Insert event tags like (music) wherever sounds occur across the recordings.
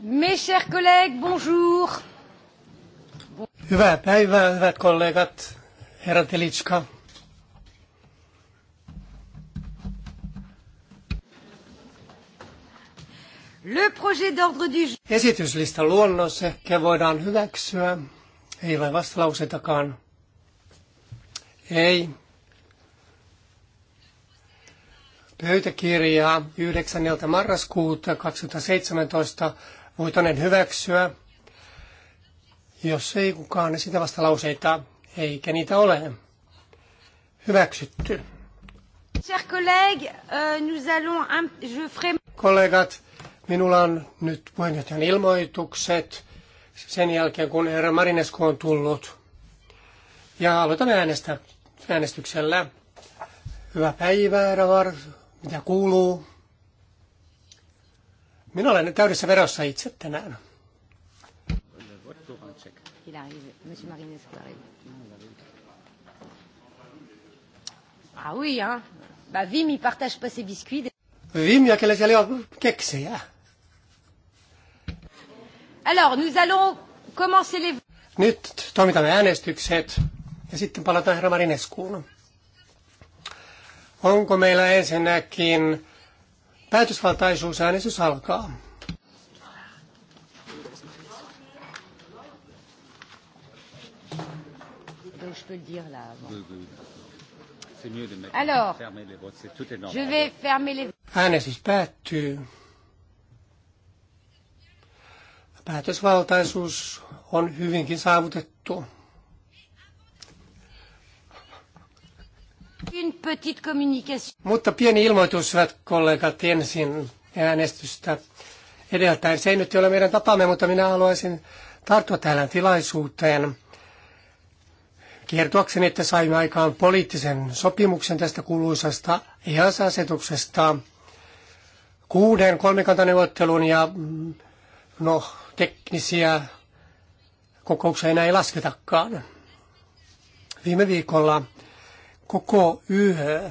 Mes chers collègues, bonjour. Hyvää päivää, hyvät kollegat. Herra Telitska. Le projet d'ordre du jour. Esityslistan luonnos ehkä voidaan hyväksyä. Ei ole vastalauseitakaan. Ei. Pöytäkirjaa 9. marraskuuta 2017 voitainen hyväksyä, jos ei kukaan esitä niin vastalauseita, eikä niitä ole hyväksytty. Euh, Kollegat, minulla on nyt puheenjohtajan ilmoitukset sen jälkeen, kun herra Marinesku on tullut. Ja aloitan äänestä, äänestyksellä. Hyvää päivää, Ravar. Mitä kuuluu? Minä olen täydessä verossa itse tänään. Ah oui, hein. Bah Vim, il partage pas ses biscuits. Vim, il y a quelle allez keksejä. Alors, nous allons commencer les... Nyt toimitamme äänestykset ja sitten palataan herra Marineskuun. Onko meillä ensinnäkin Päätösvaltaisuusäänestys alkaa. Äänestys päättyy. Päätösvaltaisuus on hyvinkin saavutettu. Mutta pieni ilmoitus, hyvät kollegat, ensin äänestystä edeltäen. Se ei nyt ole meidän tapamme, mutta minä haluaisin tarttua tähän tilaisuuteen kertoakseni, että saimme aikaan poliittisen sopimuksen tästä kuuluisasta EAS-asetuksesta kuuden kolmikantaneuvottelun ja mm, no, teknisiä kokouksia enää ei lasketakaan. Viime viikolla koko yö.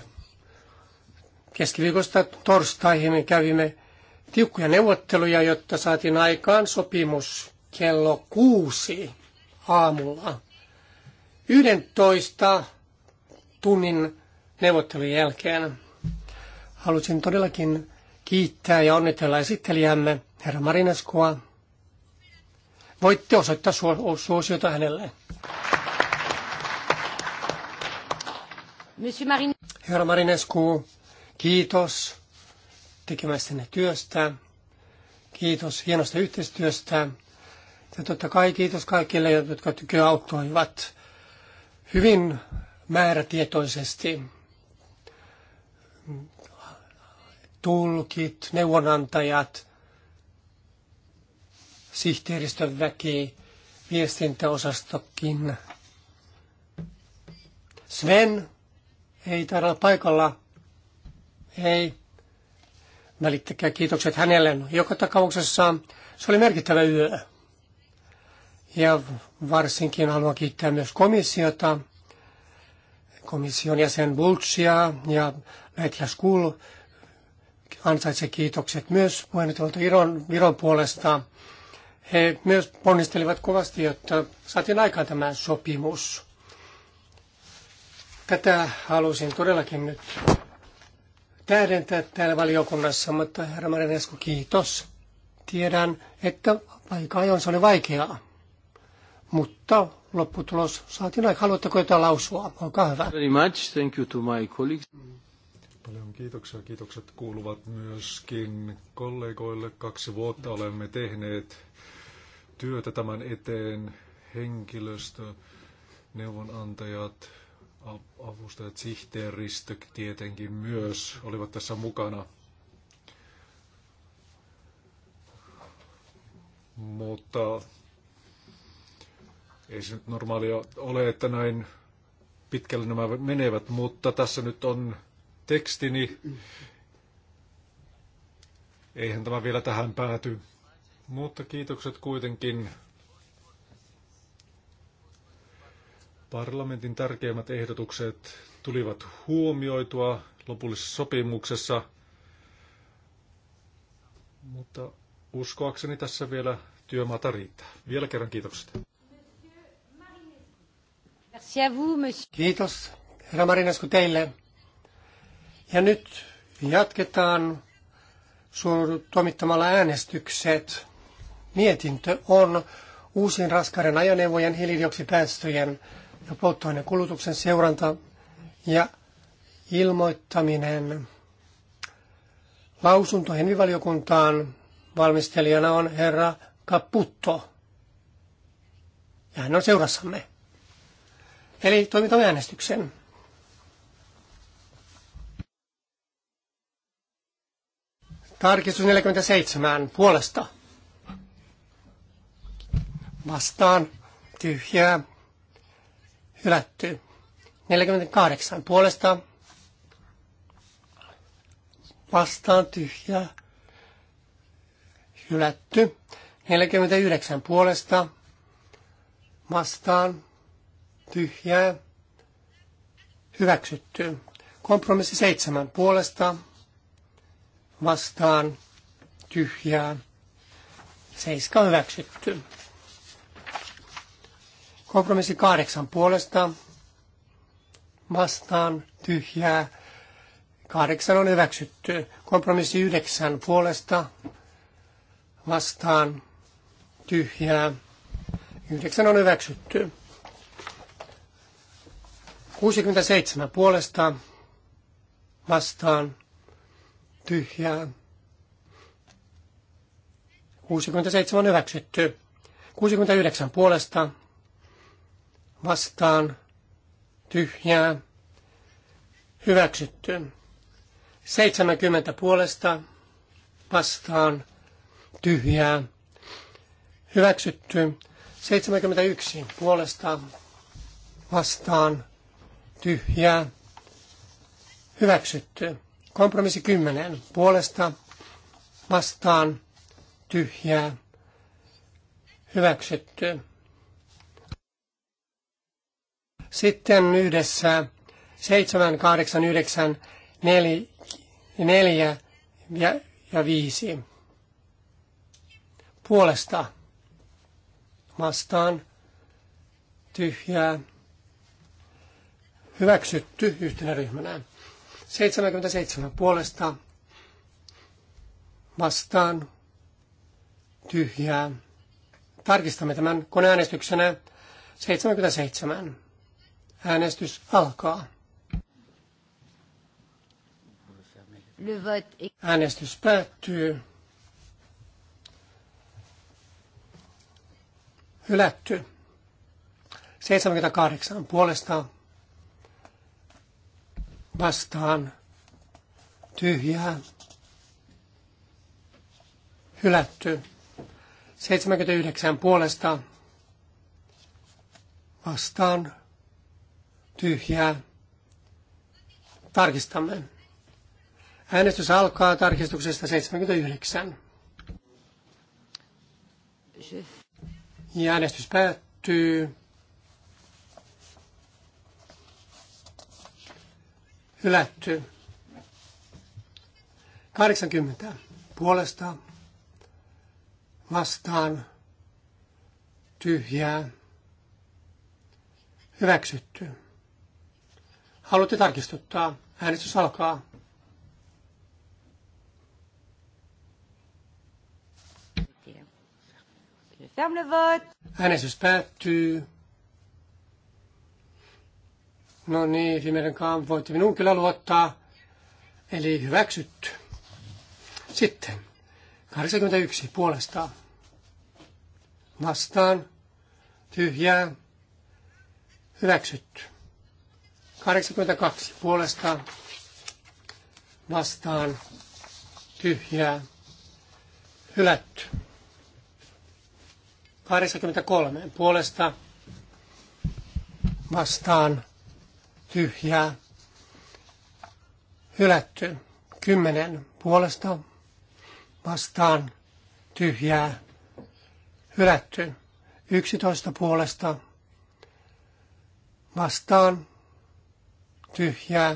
Keskiviikosta torstaihin me kävimme tiukkoja neuvotteluja, jotta saatiin aikaan sopimus kello kuusi aamulla. 11 tunnin neuvottelun jälkeen halusin todellakin kiittää ja onnitella esittelijämme, herra Marineskoa. Voitte osoittaa suosiota hänelle. Herra Marinescu, kiitos tekemästänne työstä. Kiitos hienosta yhteistyöstä. Ja totta kai kiitos kaikille, jotka tykkää auttoivat hyvin määrätietoisesti. Tulkit, neuvonantajat, sihteeristön väki, viestintäosastokin. Sven, ei taida paikalla. Ei. Välittäkää kiitokset hänelle. No, joka tapauksessa se oli merkittävä yö. Ja varsinkin haluan kiittää myös komissiota, komission jäsen Bulcia ja Lähetilä School ansaitsee kiitokset myös puheenjohtajalta Viron, Viron puolesta. He myös ponnistelivat kovasti, jotta saatiin aikaan tämä sopimus. Tätä halusin todellakin nyt täydentää täällä valiokunnassa, mutta herra Marinesku, kiitos. Tiedän, että aika ajoin se oli vaikeaa, mutta lopputulos saatiin aika. Haluatteko jotain lausua? Olkaa hyvä. Very much. Thank you to my colleagues. Paljon kiitoksia. Kiitokset kuuluvat myöskin kollegoille. Kaksi vuotta olemme tehneet työtä tämän eteen. Henkilöstö, neuvonantajat, avustajat, sihteeristö tietenkin myös olivat tässä mukana. Mutta ei se nyt normaalia ole, että näin pitkälle nämä menevät, mutta tässä nyt on tekstini. Eihän tämä vielä tähän pääty. Mutta kiitokset kuitenkin Parlamentin tärkeimmät ehdotukset tulivat huomioitua lopullisessa sopimuksessa, mutta uskoakseni tässä vielä työmaata riittää. Vielä kerran kiitokset. Kiitos, herra Marinesku, teille. Ja nyt jatketaan toimittamalla äänestykset. Mietintö on uusien raskaiden ajoneuvojen hiilidioksipäästöjen ja polttoaineen kulutuksen seuranta ja ilmoittaminen. Lausunto henvivaliokuntaan valmistelijana on herra Caputto. Ja hän on seurassamme. Eli toimitamme äänestyksen. Tarkistus 47 puolesta. Vastaan tyhjää hylättyy. 48 puolesta vastaan tyhjä hylätty. 49 puolesta vastaan tyhjää hyväksytty. Kompromissi 7 puolesta vastaan tyhjää. Seiska hyväksytty. Kompromissi kahdeksan puolesta vastaan tyhjää. Kahdeksan on hyväksytty. Kompromissi yhdeksän puolesta vastaan tyhjää. Yhdeksän on hyväksytty. 67 puolesta vastaan tyhjää. 67 on hyväksytty. 69 puolesta vastaan tyhjää hyväksytty. 70 puolesta vastaan tyhjää hyväksytty. 71 puolesta vastaan tyhjää hyväksytty. Kompromissi 10 puolesta vastaan tyhjää hyväksytty. Sitten yhdessä 7, 8, 9, 4, 4 ja, ja 5 puolesta vastaan tyhjää hyväksytty yhtenä ryhmänä. 77 puolesta vastaan tyhjää. Tarkistamme tämän koneäänestyksenä 77. Äänestys alkaa. Äänestys päättyy. Hylätty. 78 puolesta vastaan tyhjää. Hylätty. 79 puolesta vastaan tyhjää. Tarkistamme. Äänestys alkaa tarkistuksesta 79. Ja äänestys päättyy. Hylätty. 80 puolesta vastaan tyhjää hyväksytty. Haluatte tarkistuttaa? Äänestys alkaa. Äänestys päättyy. No niin, viimeinen kaan voitte minun kyllä luottaa. Eli hyväksytty. Sitten 81 puolesta. Vastaan. Tyhjää. Hyväksytty. 82 puolesta vastaan tyhjää hylätty. 83 puolesta vastaan tyhjää hylätty. 10 puolesta vastaan tyhjää hylätty. 11 puolesta vastaan tyhjää tyhjää,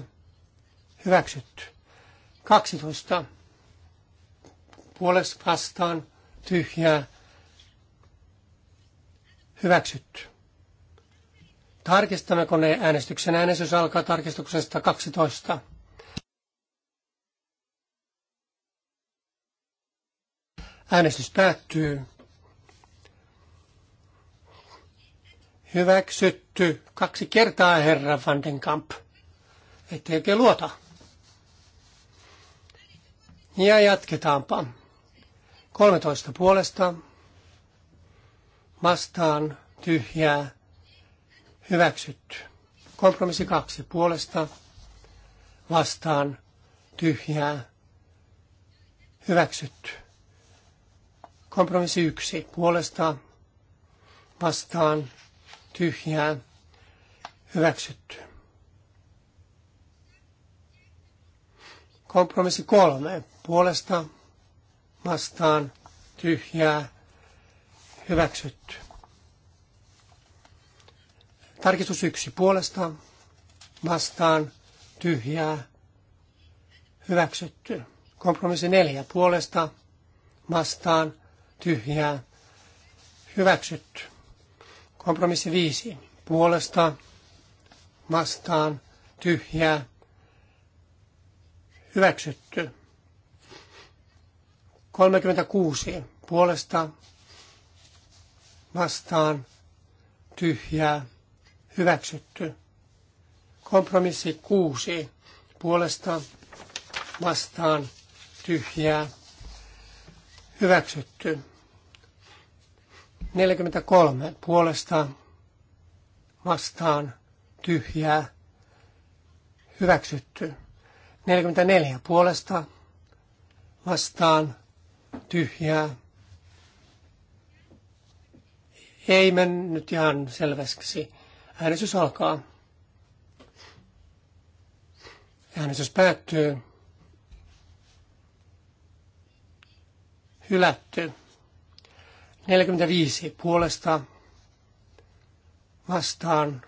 hyväksytty. 12 puolesta vastaan, tyhjää, hyväksytty. Tarkistamme koneen äänestyksen. Äänestys alkaa tarkistuksesta 12. Äänestys päättyy. Hyväksytty kaksi kertaa herra Vandenkamp ettei oikein luota. Ja jatketaanpa. 13 puolesta vastaan tyhjää hyväksytty. Kompromissi kaksi puolesta vastaan tyhjää hyväksytty. Kompromissi yksi puolesta vastaan tyhjää hyväksytty. Kompromissi kolme. Puolesta vastaan tyhjää hyväksytty. Tarkistus yksi. Puolesta vastaan tyhjää hyväksytty. Kompromissi neljä. Puolesta vastaan tyhjää hyväksytty. Kompromissi viisi. Puolesta vastaan tyhjää Hyväksytty. 36 puolesta vastaan tyhjää hyväksytty. Kompromissi 6 puolesta vastaan tyhjää hyväksytty. 43 puolesta vastaan tyhjää hyväksytty. 44 puolesta vastaan tyhjää. Ei mennyt ihan selväksi. Äänestys alkaa. Äänestys päättyy. Hylätty. 45 puolesta vastaan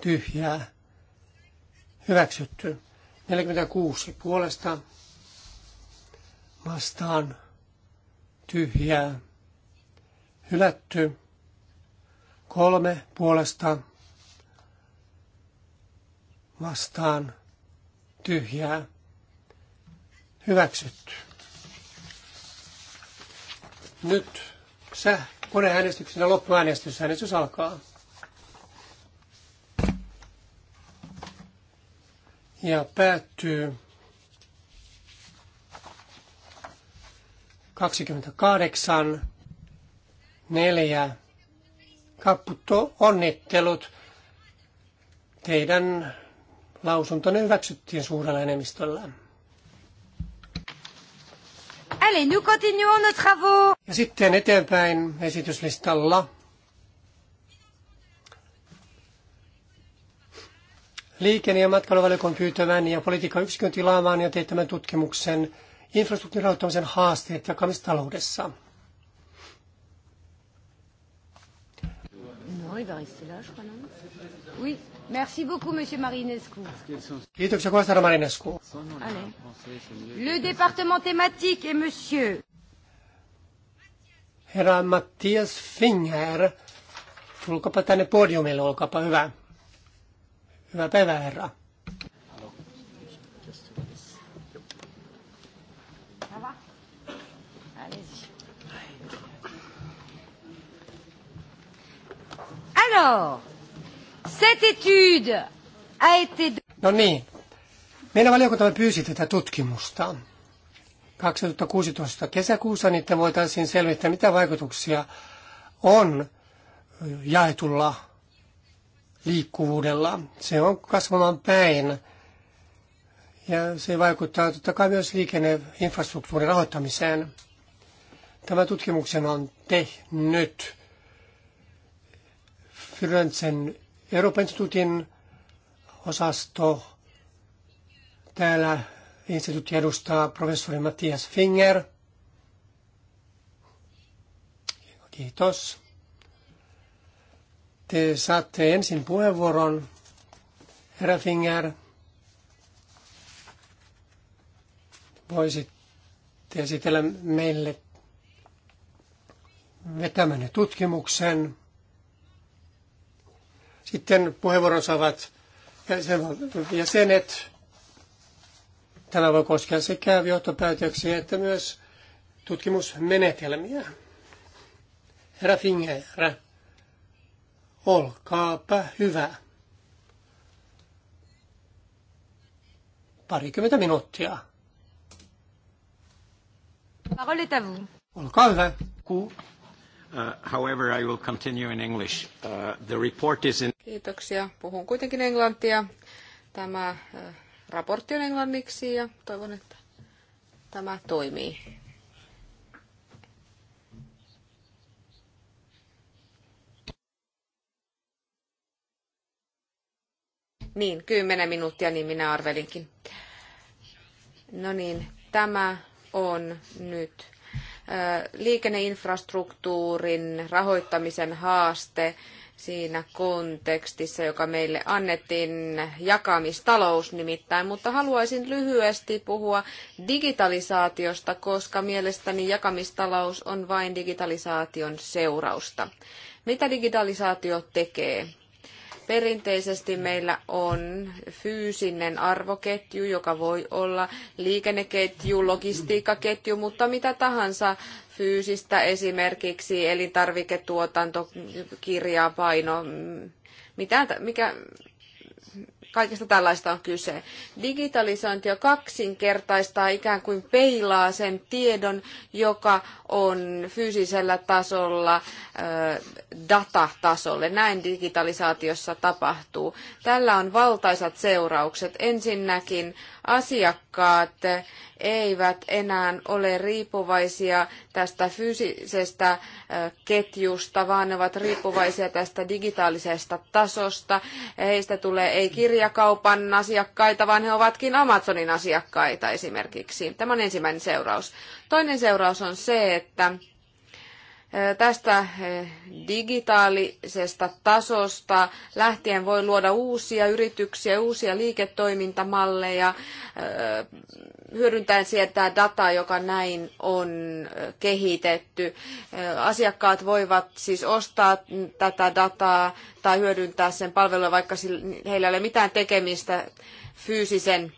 tyhjää hyväksytty. 46 puolesta vastaan tyhjää hylätty. Kolme puolesta vastaan tyhjää hyväksytty. Nyt sä koneäänestyksenä loppuäänestys, äänestys alkaa. ja päättyy 28 4 Kapputto, onnittelut. Teidän lausuntonne hyväksyttiin suurella enemmistöllä. Allez, nous continuons nos travaux. Ja sitten eteenpäin esityslistalla. Liikenne- ja matkailuvaliokunnan pyytämän ja politiikan yksikön tilaamaan ja teettämän tutkimuksen infrastruktuurin rahoittamisen haasteet jakamistaloudessa. Kiitoksia kovasti, Marinescu. Le département thématique est Monsieur. Herra Mattias Finger, tulkapa tänne podiumille, olkaapa hyvä. Hyvää päivää, herra. Alors, cette étude a été... No niin. Meidän valiokunta pyysi tätä tutkimusta. 2016 kesäkuussa niin voitaisiin selvittää, mitä vaikutuksia on jaetulla liikkuvuudella. Se on kasvamaan päin ja se vaikuttaa totta kai myös liikenneinfrastruktuurin rahoittamiseen. Tämä tutkimuksen on tehnyt Firenzen Euroopan instituutin osasto. Täällä instituutti edustaa professori Mattias Finger. Kiitos. Te saatte ensin puheenvuoron, herra Finger. Voisitte esitellä meille vetämänne tutkimuksen. Sitten puheenvuoron saavat jäsenet. Tämä voi koskea sekä johtopäätöksiä että myös tutkimusmenetelmiä. Herra Finger, Olkaapa hyvä. Parikymmentä minuuttia. Parole est à vous. Olkaa hyvä. Ku. Uh, however, I will continue in English. Uh, the report is in... Kiitoksia. Puhun kuitenkin englantia. Tämä uh, raportti on englanniksi ja toivon, että tämä toimii. Niin, kymmenen minuuttia, niin minä arvelinkin. No niin, tämä on nyt liikenneinfrastruktuurin rahoittamisen haaste siinä kontekstissa, joka meille annettiin jakamistalous nimittäin, mutta haluaisin lyhyesti puhua digitalisaatiosta, koska mielestäni jakamistalous on vain digitalisaation seurausta. Mitä digitalisaatio tekee? Perinteisesti meillä on fyysinen arvoketju, joka voi olla liikenneketju, logistiikkaketju, mutta mitä tahansa fyysistä, esimerkiksi elintarviketuotanto, kirja, paino, mitä, mikä, kaikesta tällaista on kyse. Digitalisointi jo kaksinkertaistaa ikään kuin peilaa sen tiedon, joka on fyysisellä tasolla datatasolle. Näin digitalisaatiossa tapahtuu. Tällä on valtaisat seuraukset. Ensinnäkin asiakkaat eivät enää ole riippuvaisia tästä fyysisestä ketjusta, vaan ne ovat riippuvaisia tästä digitaalisesta tasosta. Heistä tulee ei kirjakaupan asiakkaita, vaan he ovatkin Amazonin asiakkaita esimerkiksi. Tämä on ensimmäinen seuraus. Toinen seuraus on se, että Tästä digitaalisesta tasosta lähtien voi luoda uusia yrityksiä, uusia liiketoimintamalleja, hyödyntäen sieltä dataa, joka näin on kehitetty. Asiakkaat voivat siis ostaa tätä dataa tai hyödyntää sen palvelua, vaikka heillä ei ole mitään tekemistä fyysisen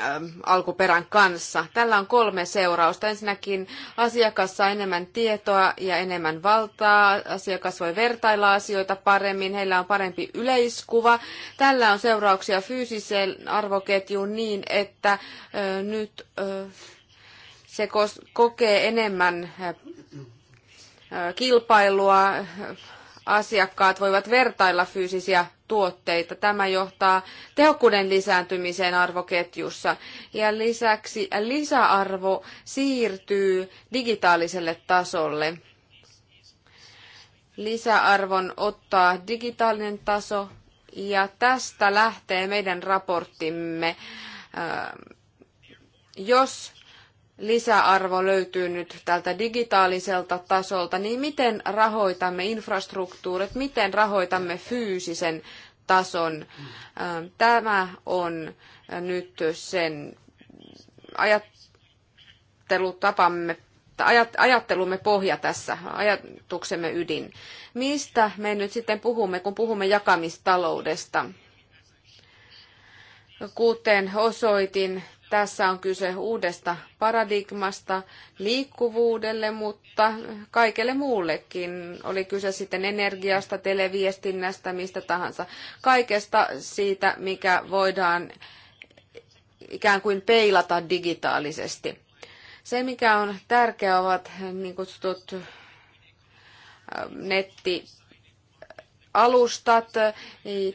Ähm, alkuperän kanssa. Tällä on kolme seurausta. Ensinnäkin asiakas saa enemmän tietoa ja enemmän valtaa. Asiakas voi vertailla asioita paremmin. Heillä on parempi yleiskuva. Tällä on seurauksia fyysiseen arvoketjuun niin, että nyt se kokee enemmän kilpailua, asiakkaat voivat vertailla fyysisiä tuotteita. Tämä johtaa tehokkuuden lisääntymiseen arvoketjussa ja lisäksi lisäarvo siirtyy digitaaliselle tasolle. Lisäarvon ottaa digitaalinen taso ja tästä lähtee meidän raporttimme. Äh, jos lisäarvo löytyy nyt tältä digitaaliselta tasolta, niin miten rahoitamme infrastruktuurit, miten rahoitamme fyysisen tason. Tämä on nyt sen ajattelutapamme ajattelumme pohja tässä, ajatuksemme ydin. Mistä me nyt sitten puhumme, kun puhumme jakamistaloudesta? Kuten osoitin, tässä on kyse uudesta paradigmasta liikkuvuudelle, mutta kaikelle muullekin. Oli kyse sitten energiasta, televiestinnästä, mistä tahansa. Kaikesta siitä, mikä voidaan ikään kuin peilata digitaalisesti. Se, mikä on tärkeää, ovat niin kutsutut netti alustat,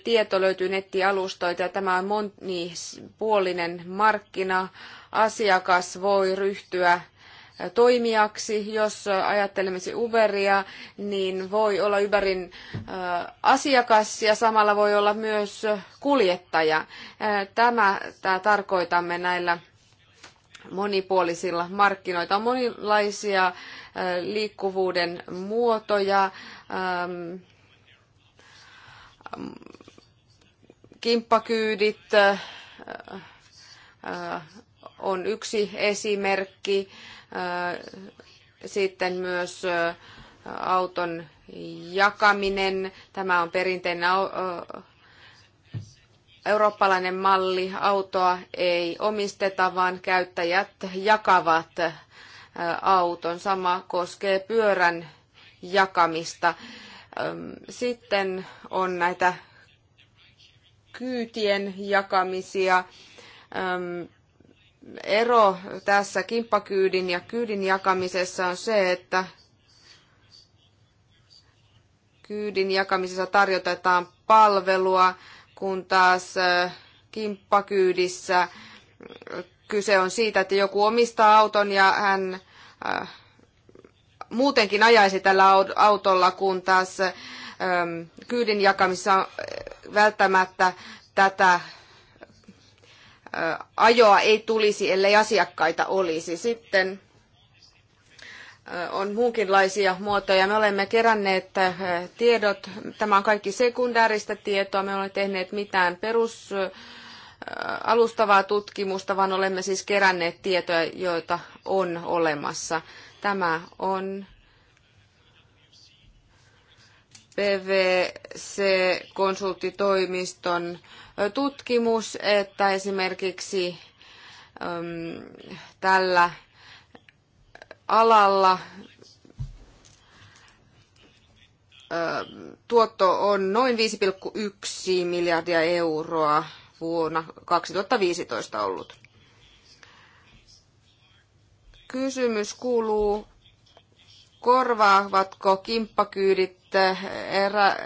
tieto löytyy nettialustoilta ja tämä on monipuolinen markkina. Asiakas voi ryhtyä toimijaksi. Jos ajattelemme Uberia, niin voi olla Uberin äh, asiakas ja samalla voi olla myös kuljettaja. Äh, tämä, tämä tarkoitamme näillä monipuolisilla markkinoilla On monilaisia äh, liikkuvuuden muotoja. Ähm, Kimppakyydit äh, äh, on yksi esimerkki. Äh, sitten myös auton jakaminen. Tämä on perinteinen eurooppalainen malli. Autoa ei omisteta, vaan käyttäjät jakavat auton. Sama koskee pyörän jakamista. Sitten on näitä kyytien jakamisia. Ero tässä kimppakyydin ja kyydin jakamisessa on se, että kyydin jakamisessa tarjotetaan palvelua, kun taas kimppakyydissä kyse on siitä, että joku omistaa auton ja hän muutenkin ajaisi tällä autolla, kun taas ähm, kyydin jakamissa äh, välttämättä tätä äh, ajoa ei tulisi, ellei asiakkaita olisi. Sitten äh, on muunkinlaisia muotoja. Me olemme keränneet tiedot, tämä on kaikki sekundääristä tietoa, me olemme tehneet mitään perus alustavaa tutkimusta, vaan olemme siis keränneet tietoja, joita on olemassa. Tämä on PVC-konsulttitoimiston tutkimus, että esimerkiksi äm, tällä alalla tuotto on noin 5,1 miljardia euroa vuonna 2015 ollut. Kysymys kuuluu, korvaavatko kimppakyydit eh,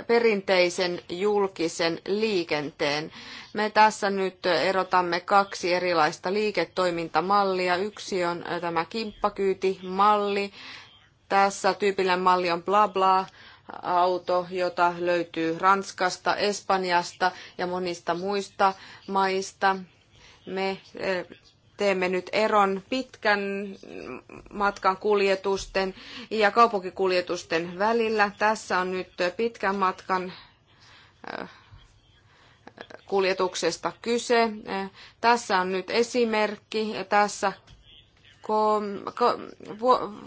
perinteisen julkisen liikenteen? Me tässä nyt erotamme kaksi erilaista liiketoimintamallia. Yksi on eh, tämä kimppakyytimalli. Tässä tyypillinen malli on bla bla auto, jota löytyy Ranskasta, Espanjasta ja monista muista maista. Me eh, teemme nyt eron pitkän matkan kuljetusten ja kaupunkikuljetusten välillä. Tässä on nyt pitkän matkan äh, kuljetuksesta kyse. Äh, tässä on nyt esimerkki. Tässä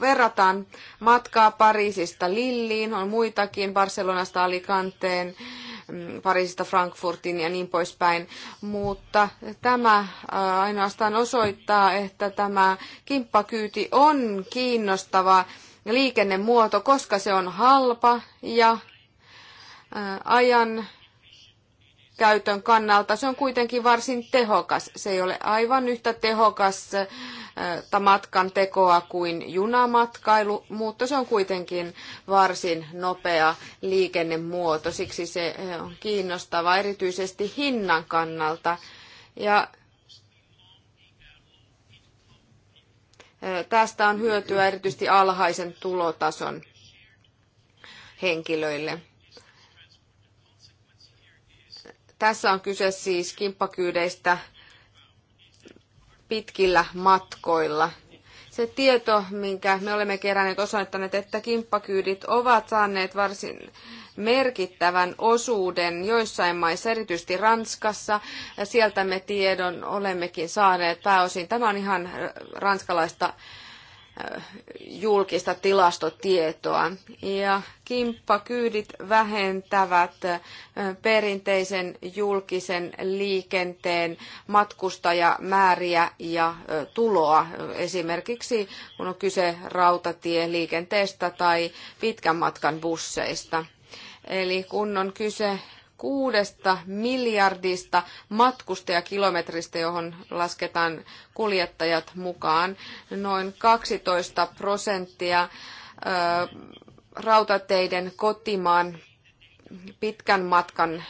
verrataan matkaa Pariisista Lilliin, on muitakin Barcelonasta Alicanteen Mm, Pariisista Frankfurtin ja niin poispäin. Mutta tämä äh, ainoastaan osoittaa, että tämä kimppakyyti on kiinnostava liikennemuoto, koska se on halpa ja äh, ajan käytön kannalta. Se on kuitenkin varsin tehokas. Se ei ole aivan yhtä tehokas äh, matkan tekoa kuin junamatkailu, mutta se on kuitenkin varsin nopea liikennemuoto, siksi se on kiinnostava erityisesti hinnan kannalta. Ja tästä on hyötyä erityisesti alhaisen tulotason henkilöille. Tässä on kyse siis kimppakyydeistä pitkillä matkoilla. Se tieto, minkä me olemme keränneet, osoittaneet, että kimppakyydit ovat saaneet varsin merkittävän osuuden joissain maissa, erityisesti Ranskassa. Ja sieltä me tiedon olemmekin saaneet pääosin. Tämä on ihan ranskalaista julkista tilastotietoa. Ja kimppakyydit vähentävät perinteisen julkisen liikenteen matkustajamääriä ja tuloa, esimerkiksi kun on kyse rautatieliikenteestä tai pitkän matkan busseista. Eli kun on kyse kuudesta miljardista matkustajakilometristä, johon lasketaan kuljettajat mukaan. Noin 12 prosenttia rautateiden kotimaan pitkän matkan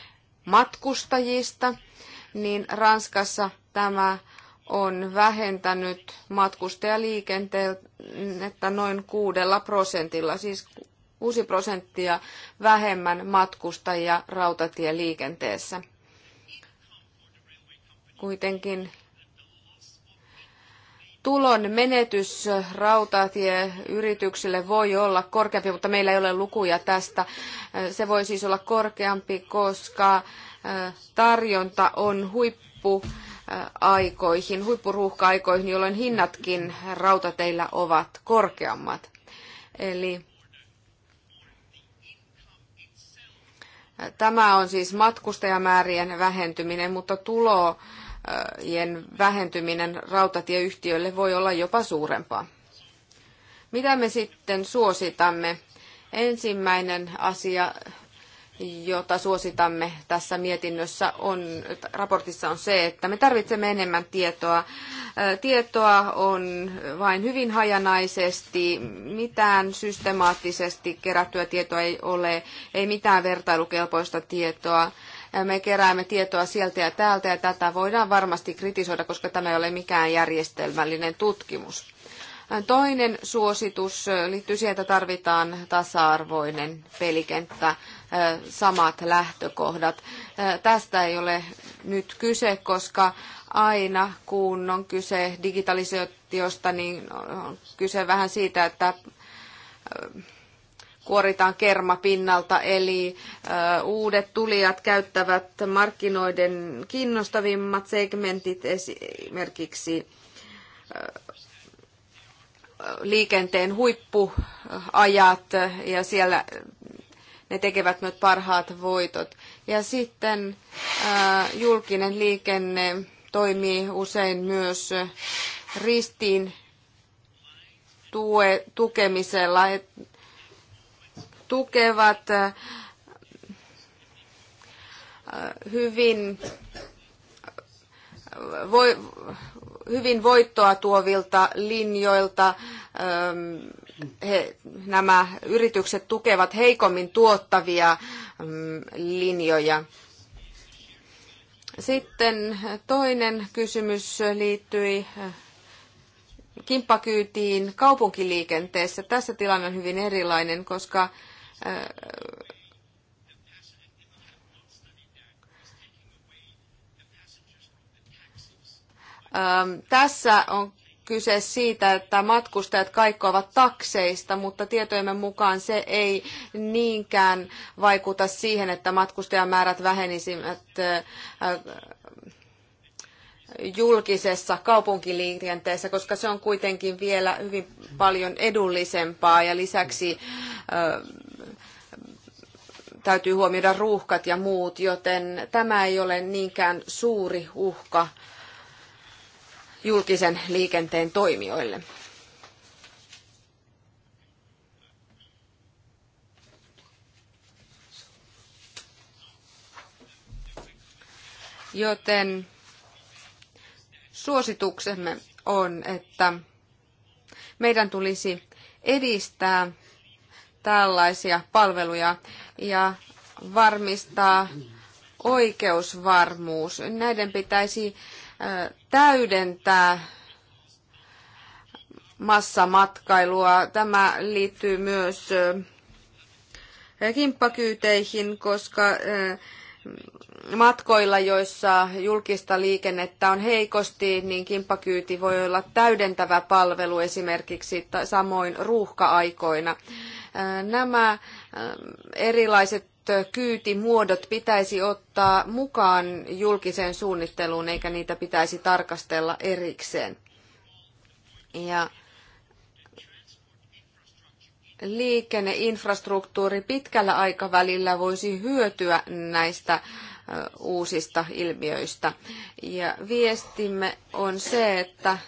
matkustajista, niin Ranskassa tämä on vähentänyt matkustajaliikennettä noin kuudella prosentilla, siis 6 prosenttia vähemmän matkustajia rautatieliikenteessä. Kuitenkin tulon menetys rautatieyrityksille voi olla korkeampi, mutta meillä ei ole lukuja tästä. Se voi siis olla korkeampi, koska tarjonta on huippu aikoihin, huippuruuhka-aikoihin, jolloin hinnatkin rautateillä ovat korkeammat. Eli Tämä on siis matkustajamäärien vähentyminen, mutta tulojen vähentyminen rautatieyhtiöille voi olla jopa suurempaa. Mitä me sitten suositamme? Ensimmäinen asia jota suositamme tässä mietinnössä on, raportissa on se, että me tarvitsemme enemmän tietoa. Tietoa on vain hyvin hajanaisesti, mitään systemaattisesti kerättyä tietoa ei ole, ei mitään vertailukelpoista tietoa. Me keräämme tietoa sieltä ja täältä ja tätä voidaan varmasti kritisoida, koska tämä ei ole mikään järjestelmällinen tutkimus. Toinen suositus liittyy siihen, että tarvitaan tasa-arvoinen pelikenttä samat lähtökohdat. Tästä ei ole nyt kyse, koska aina kun on kyse digitalisaatiosta, niin on kyse vähän siitä, että kuoritaan kerma pinnalta, eli uudet tulijat käyttävät markkinoiden kiinnostavimmat segmentit esimerkiksi liikenteen huippuajat ja siellä ne tekevät myös parhaat voitot. Ja sitten äh, julkinen liikenne toimii usein myös äh, ristiin tue, tukemisella. et tukevat äh, hyvin, voi, hyvin voittoa tuovilta linjoilta ähm, he, nämä yritykset tukevat heikommin tuottavia mm, linjoja. Sitten toinen kysymys liittyi eh, kimppakyytiin kaupunkiliikenteessä. Tässä tilanne on hyvin erilainen, koska eh, eh, tässä on kyse siitä, että matkustajat kaikkoavat takseista, mutta tietojemme mukaan se ei niinkään vaikuta siihen, että matkustajamäärät vähenisivät julkisessa kaupunkiliikenteessä, koska se on kuitenkin vielä hyvin paljon edullisempaa ja lisäksi täytyy huomioida ruuhkat ja muut, joten tämä ei ole niinkään suuri uhka julkisen liikenteen toimijoille. Joten suosituksemme on, että meidän tulisi edistää tällaisia palveluja ja varmistaa oikeusvarmuus. Näiden pitäisi täydentää massamatkailua. Tämä liittyy myös kimppakyyteihin, koska matkoilla, joissa julkista liikennettä on heikosti, niin kimppakyyti voi olla täydentävä palvelu esimerkiksi samoin ruuhka-aikoina. Nämä erilaiset kyytimuodot pitäisi ottaa mukaan julkiseen suunnitteluun, eikä niitä pitäisi tarkastella erikseen. Ja liikenneinfrastruktuuri pitkällä aikavälillä voisi hyötyä näistä uusista ilmiöistä. Ja viestimme on se, että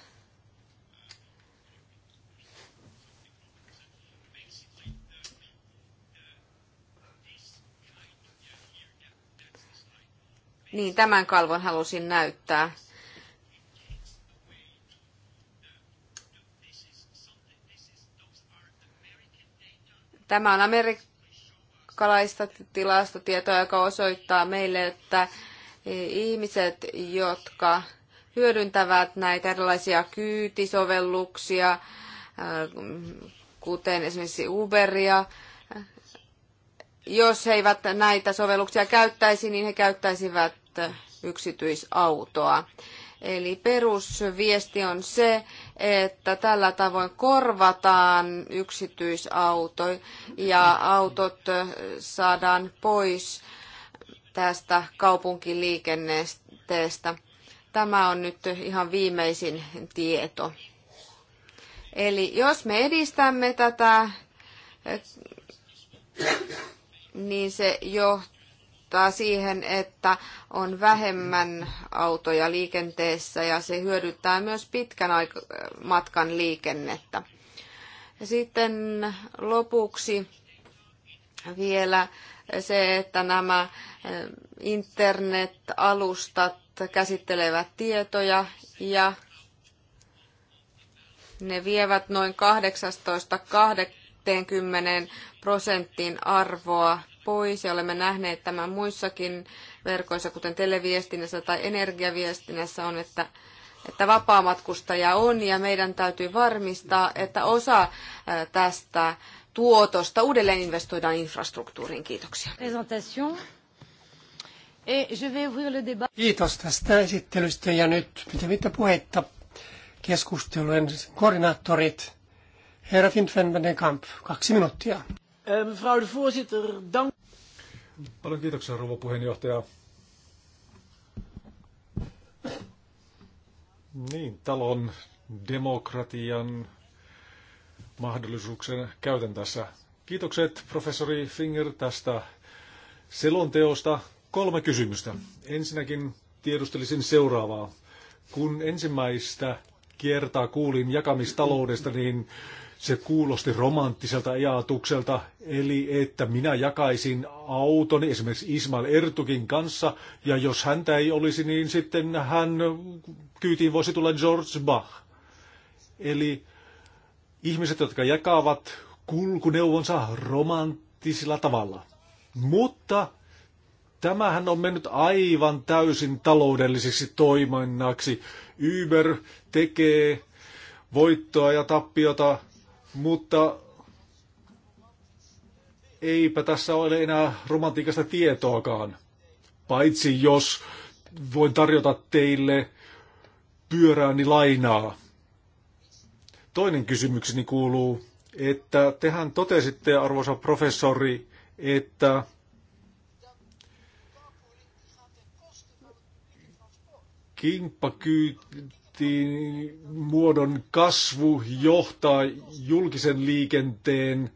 Niin, tämän kalvon halusin näyttää. Tämä on amerikkalaista tilastotietoa, joka osoittaa meille, että ihmiset, jotka hyödyntävät näitä erilaisia kyytisovelluksia, kuten esimerkiksi Uberia, jos he eivät näitä sovelluksia käyttäisi, niin he käyttäisivät yksityisautoa. Eli perusviesti on se, että tällä tavoin korvataan yksityisauto ja autot saadaan pois tästä kaupunkiliikenteestä. Tämä on nyt ihan viimeisin tieto. Eli jos me edistämme tätä, niin se johtaa vaikuttaa siihen, että on vähemmän autoja liikenteessä ja se hyödyttää myös pitkän matkan liikennettä. Ja sitten lopuksi vielä se, että nämä eh, internet-alustat käsittelevät tietoja ja ne vievät noin 18-20 prosentin arvoa pois ja olemme nähneet tämän muissakin verkoissa, kuten televiestinnässä tai energiaviestinnässä on, että että vapaamatkustaja on ja meidän täytyy varmistaa, että osa tästä tuotosta uudelleen investoidaan infrastruktuuriin. Kiitoksia. Kiitos tästä esittelystä ja nyt pitämättä puhetta keskustelujen koordinaattorit. Herra Fintvenbenden Kamp, kaksi minuuttia. Eh, mevrouw de voorzitter, dank. Paljon kiitoksia, rouva puheenjohtaja. Niin, talon demokratian mahdollisuuksien käytän tässä. Kiitokset professori Finger tästä selonteosta. Kolme kysymystä. Ensinnäkin tiedustelisin seuraavaa. Kun ensimmäistä kertaa kuulin jakamistaloudesta, niin se kuulosti romanttiselta ajatukselta, eli että minä jakaisin autoni esimerkiksi Ismail Ertukin kanssa, ja jos häntä ei olisi, niin sitten hän kyytiin voisi tulla George Bach. Eli ihmiset, jotka jakavat kulkuneuvonsa romanttisilla tavalla. Mutta tämähän on mennyt aivan täysin taloudelliseksi toiminnaksi. Uber tekee voittoa ja tappiota mutta eipä tässä ole enää romantiikasta tietoakaan. Paitsi jos voin tarjota teille pyörääni lainaa. Toinen kysymykseni kuuluu, että tehän totesitte, arvoisa professori, että kimppakyyti muodon kasvu johtaa julkisen liikenteen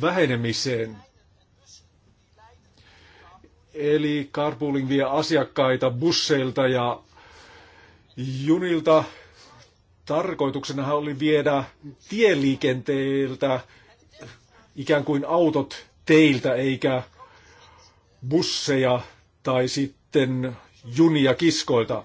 vähenemiseen. Eli carpooling vie asiakkaita busseilta ja junilta. Tarkoituksena oli viedä tieliikenteeltä ikään kuin autot teiltä eikä busseja tai sitten junia kiskoilta.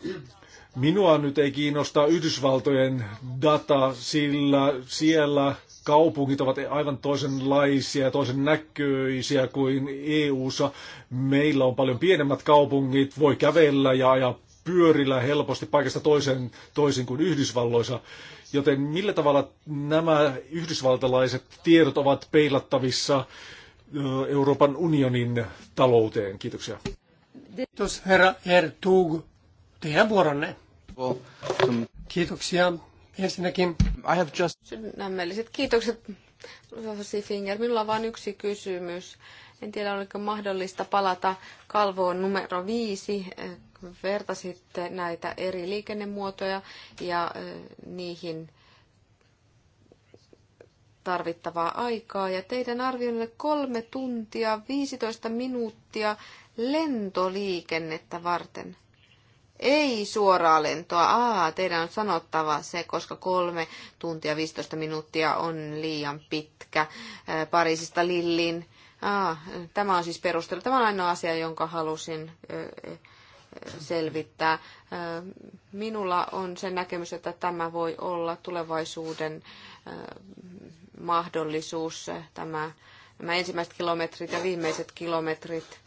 Minua nyt ei kiinnosta Yhdysvaltojen data, sillä siellä kaupungit ovat aivan toisenlaisia, toisen näköisiä kuin EU:ssa. Meillä on paljon pienemmät kaupungit, voi kävellä ja ajaa pyörillä helposti paikasta toiseen, toisin kuin Yhdysvalloissa. Joten millä tavalla nämä yhdysvaltalaiset tiedot ovat peilattavissa Euroopan unionin talouteen? Kiitoksia. Kiitos herra Ertug, teidän vuoronne. Kiitoksia. Ensinnäkin I have just... Sydämelliset kiitokset, professori Finger. Minulla on vain yksi kysymys. En tiedä, oliko mahdollista palata kalvoon numero viisi. Vertasitte näitä eri liikennemuotoja ja niihin tarvittavaa aikaa. Ja teidän arvionne kolme tuntia 15 minuuttia lentoliikennettä varten. Ei suoraa lentoa. Aa, teidän on sanottava se, koska kolme tuntia 15 minuuttia on liian pitkä. Äh, Pariisista Lillin. Aa, tämä on siis perustelu. Tämä on ainoa asia, jonka halusin selvittää. Minulla on se näkemys, että tämä voi olla tulevaisuuden mahdollisuus, tämä nämä ensimmäiset kilometrit ja viimeiset kilometrit.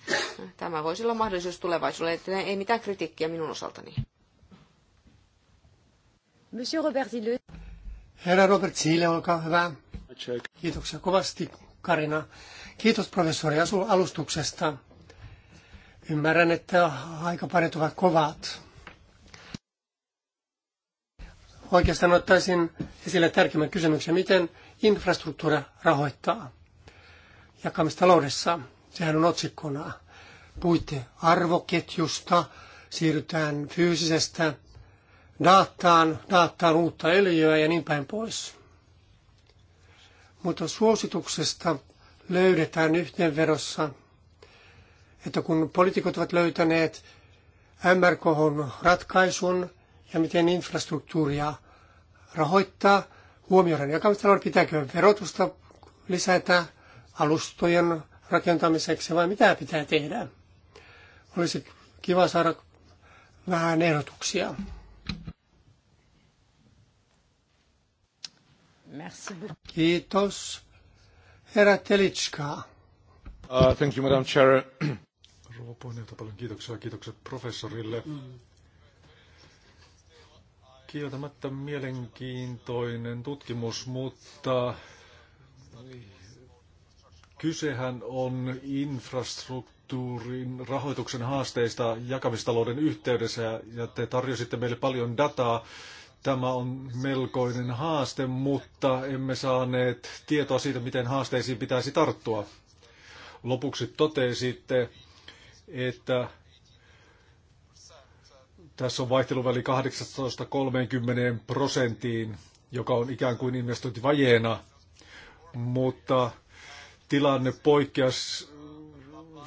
Tämä voisi olla mahdollisuus tulevaisuudelle, ei mitään kritiikkiä minun osaltani. Monsieur Robert Zille. Herra Robert Zille, olkaa hyvä. Kiitoksia kovasti, Karina. Kiitos professori alustuksesta. Ymmärrän, että aikaparit ovat kovat. Oikeastaan ottaisin esille tärkeimmän kysymyksen, miten infrastruktuuri rahoittaa jakamistaloudessa. Sehän on otsikkona puitearvoketjusta, siirrytään fyysisestä dataan, dataan uutta eliöä ja niin päin pois. Mutta suosituksesta löydetään yhteenverossa, että kun poliitikot ovat löytäneet MRK ratkaisun ja miten infrastruktuuria rahoittaa, huomioidaan jakamistalouden, pitääkö verotusta lisätä, alustojen rakentamiseksi vai mitä pitää tehdä? Olisi kiva saada vähän ehdotuksia. Merci. Kiitos. Herra Telitska. Uh, thank you, Madam Chair. (clears throat) Rouva puheenjohtaja, paljon kiitoksia. Kiitokset professorille. Mm. Kieltämättä mielenkiintoinen tutkimus, mutta Kysehän on infrastruktuurin rahoituksen haasteista jakamistalouden yhteydessä ja te tarjositte meille paljon dataa. Tämä on melkoinen haaste, mutta emme saaneet tietoa siitä, miten haasteisiin pitäisi tarttua. Lopuksi totesitte, että tässä on vaihteluväli 18-30 prosenttiin, joka on ikään kuin investointivajeena, mutta tilanne poikkeas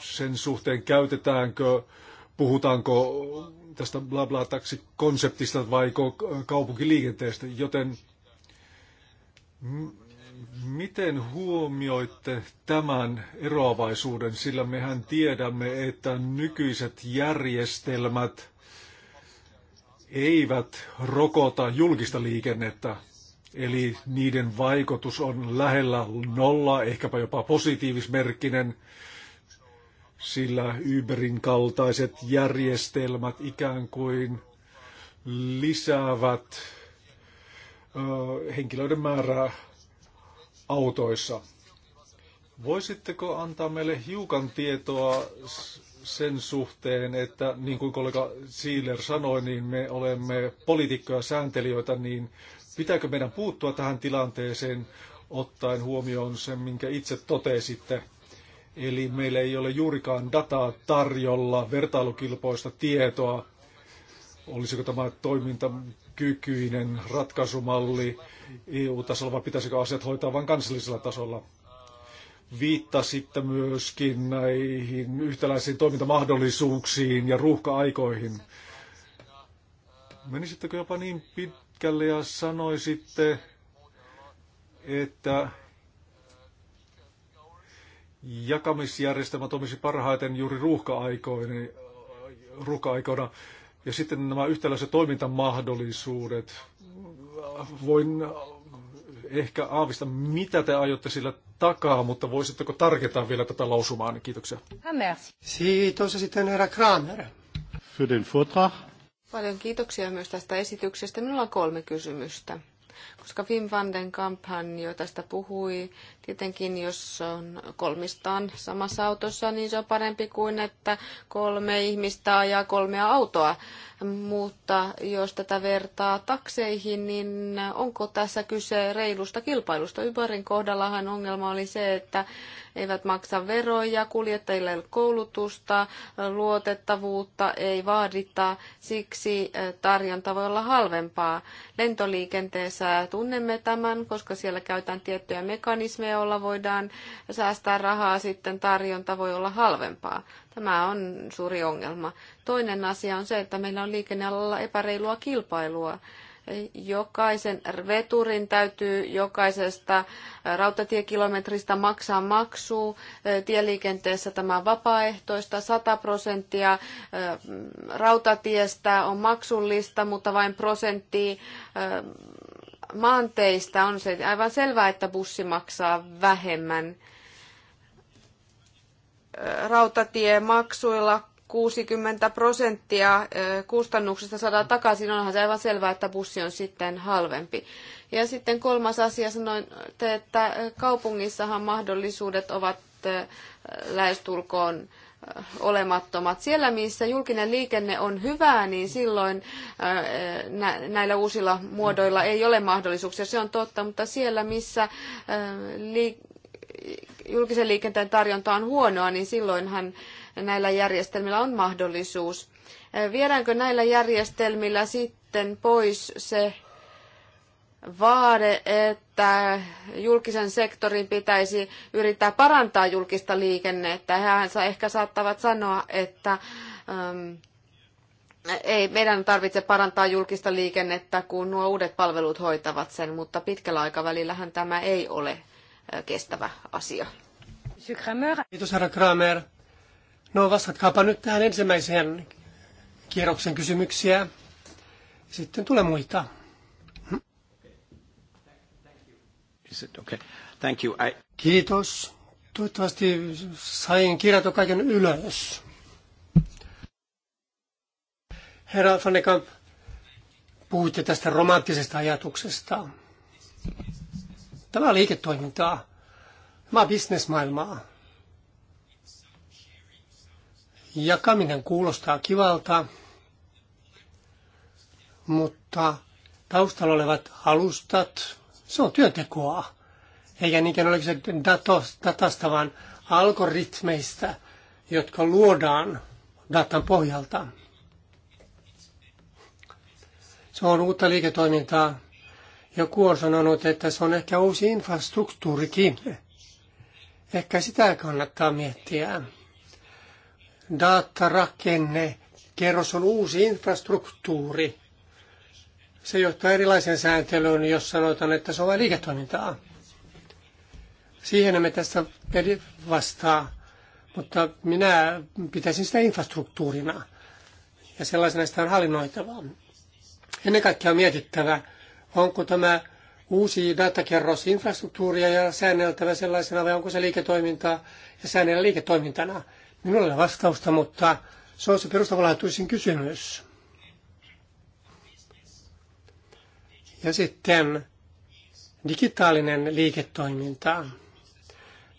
sen suhteen, käytetäänkö, puhutaanko tästä bla bla taksi konseptista vai kaupunkiliikenteestä, joten miten huomioitte tämän eroavaisuuden, sillä mehän tiedämme, että nykyiset järjestelmät eivät rokota julkista liikennettä. Eli niiden vaikutus on lähellä nolla, ehkäpä jopa positiivismerkkinen, sillä Uberin kaltaiset järjestelmät ikään kuin lisäävät ö, henkilöiden määrää autoissa. Voisitteko antaa meille hiukan tietoa sen suhteen, että niin kuin kollega Siiler sanoi, niin me olemme poliitikkoja sääntelijöitä, niin Pitääkö meidän puuttua tähän tilanteeseen ottaen huomioon sen, minkä itse totesitte? Eli meillä ei ole juurikaan dataa tarjolla, vertailukilpoista tietoa. Olisiko tämä toimintakykyinen ratkaisumalli EU-tasolla vai pitäisikö asiat hoitaa vain kansallisella tasolla? Viittasitte myöskin näihin yhtäläisiin toimintamahdollisuuksiin ja ruuhka-aikoihin. Menisittekö jopa niin pit- pitkälle ja sanoisitte, että jakamisjärjestelmä toimisi parhaiten juuri ruuhka-aikoina. Ja sitten nämä yhtäläiset toimintamahdollisuudet. Voin ehkä aavista, mitä te aiotte sillä takaa, mutta voisitteko tarkentaa vielä tätä lausumaa? Niin kiitoksia. Kiitos ja sitten herra Kramer. Für den Vortrag. Paljon kiitoksia myös tästä esityksestä. Minulla on kolme kysymystä. Koska Wim van den Kamphan jo tästä puhui, tietenkin jos on kolmistaan samassa autossa, niin se on parempi kuin, että kolme ihmistä ajaa kolmea autoa. Mutta jos tätä vertaa takseihin, niin onko tässä kyse reilusta kilpailusta? Ybarin kohdallahan ongelma oli se, että eivät maksa veroja, kuljettajille ei ole koulutusta, luotettavuutta ei vaadita, siksi eh, tarjonta voi olla halvempaa. Lentoliikenteessä tunnemme tämän, koska siellä käytetään tiettyjä mekanismeja, joilla voidaan säästää rahaa, sitten tarjonta voi olla halvempaa. Tämä on suuri ongelma. Toinen asia on se, että meillä on liikennealalla epäreilua kilpailua Jokaisen veturin täytyy jokaisesta rautatiekilometristä maksaa maksu Tieliikenteessä tämä on vapaaehtoista. 100 prosenttia rautatiestä on maksullista, mutta vain prosentti maanteista on se aivan selvää, että bussi maksaa vähemmän rautatiemaksuilla 60 prosenttia kustannuksista saadaan takaisin, onhan se aivan selvää, että bussi on sitten halvempi. Ja sitten kolmas asia, sanoin, että kaupungissahan mahdollisuudet ovat lähestulkoon olemattomat. Siellä, missä julkinen liikenne on hyvää, niin silloin näillä uusilla muodoilla ei ole mahdollisuuksia. Se on totta, mutta siellä, missä julkisen liikenteen tarjonta on huonoa, niin silloinhan näillä järjestelmillä on mahdollisuus. Äh, viedäänkö näillä järjestelmillä sitten pois se vaade, että julkisen sektorin pitäisi yrittää parantaa julkista liikennettä. Hän ehkä saattavat sanoa, että ähm, ei meidän tarvitse parantaa julkista liikennettä, kun nuo uudet palvelut hoitavat sen, mutta pitkällä aikavälillähän tämä ei ole äh, kestävä asia. Kiitos herra Kramer. No vastatkaapa nyt tähän ensimmäiseen kierroksen kysymyksiä. Sitten tulee muita. Thank you. Kiitos. Toivottavasti sain kirjata kaiken ylös. Herra Fannekamp, puhuitte tästä romanttisesta ajatuksesta. Tämä on liiketoimintaa. Tämä on bisnesmaailmaa jakaminen kuulostaa kivalta, mutta taustalla olevat alustat, se on työntekoa. Eikä niinkään ole se datasta, vaan algoritmeista, jotka luodaan datan pohjalta. Se on uutta liiketoimintaa. Joku on sanonut, että se on ehkä uusi infrastruktuurikin. Ehkä sitä kannattaa miettiä datarakenne, kerros on uusi infrastruktuuri. Se johtaa erilaisen sääntelyyn, jos sanotaan, että se on vain liiketoimintaa. Siihen emme tässä vastaa, mutta minä pitäisin sitä infrastruktuurina ja sellaisena sitä on hallinnoitavaa. Ennen kaikkea on mietittävä, onko tämä uusi datakerros infrastruktuuria ja säänneltävä sellaisena vai onko se liiketoimintaa ja säännellä liiketoimintana. Minulla ei ole vastausta, mutta se on se perustavanlaatuisin kysymys. Ja sitten digitaalinen liiketoiminta.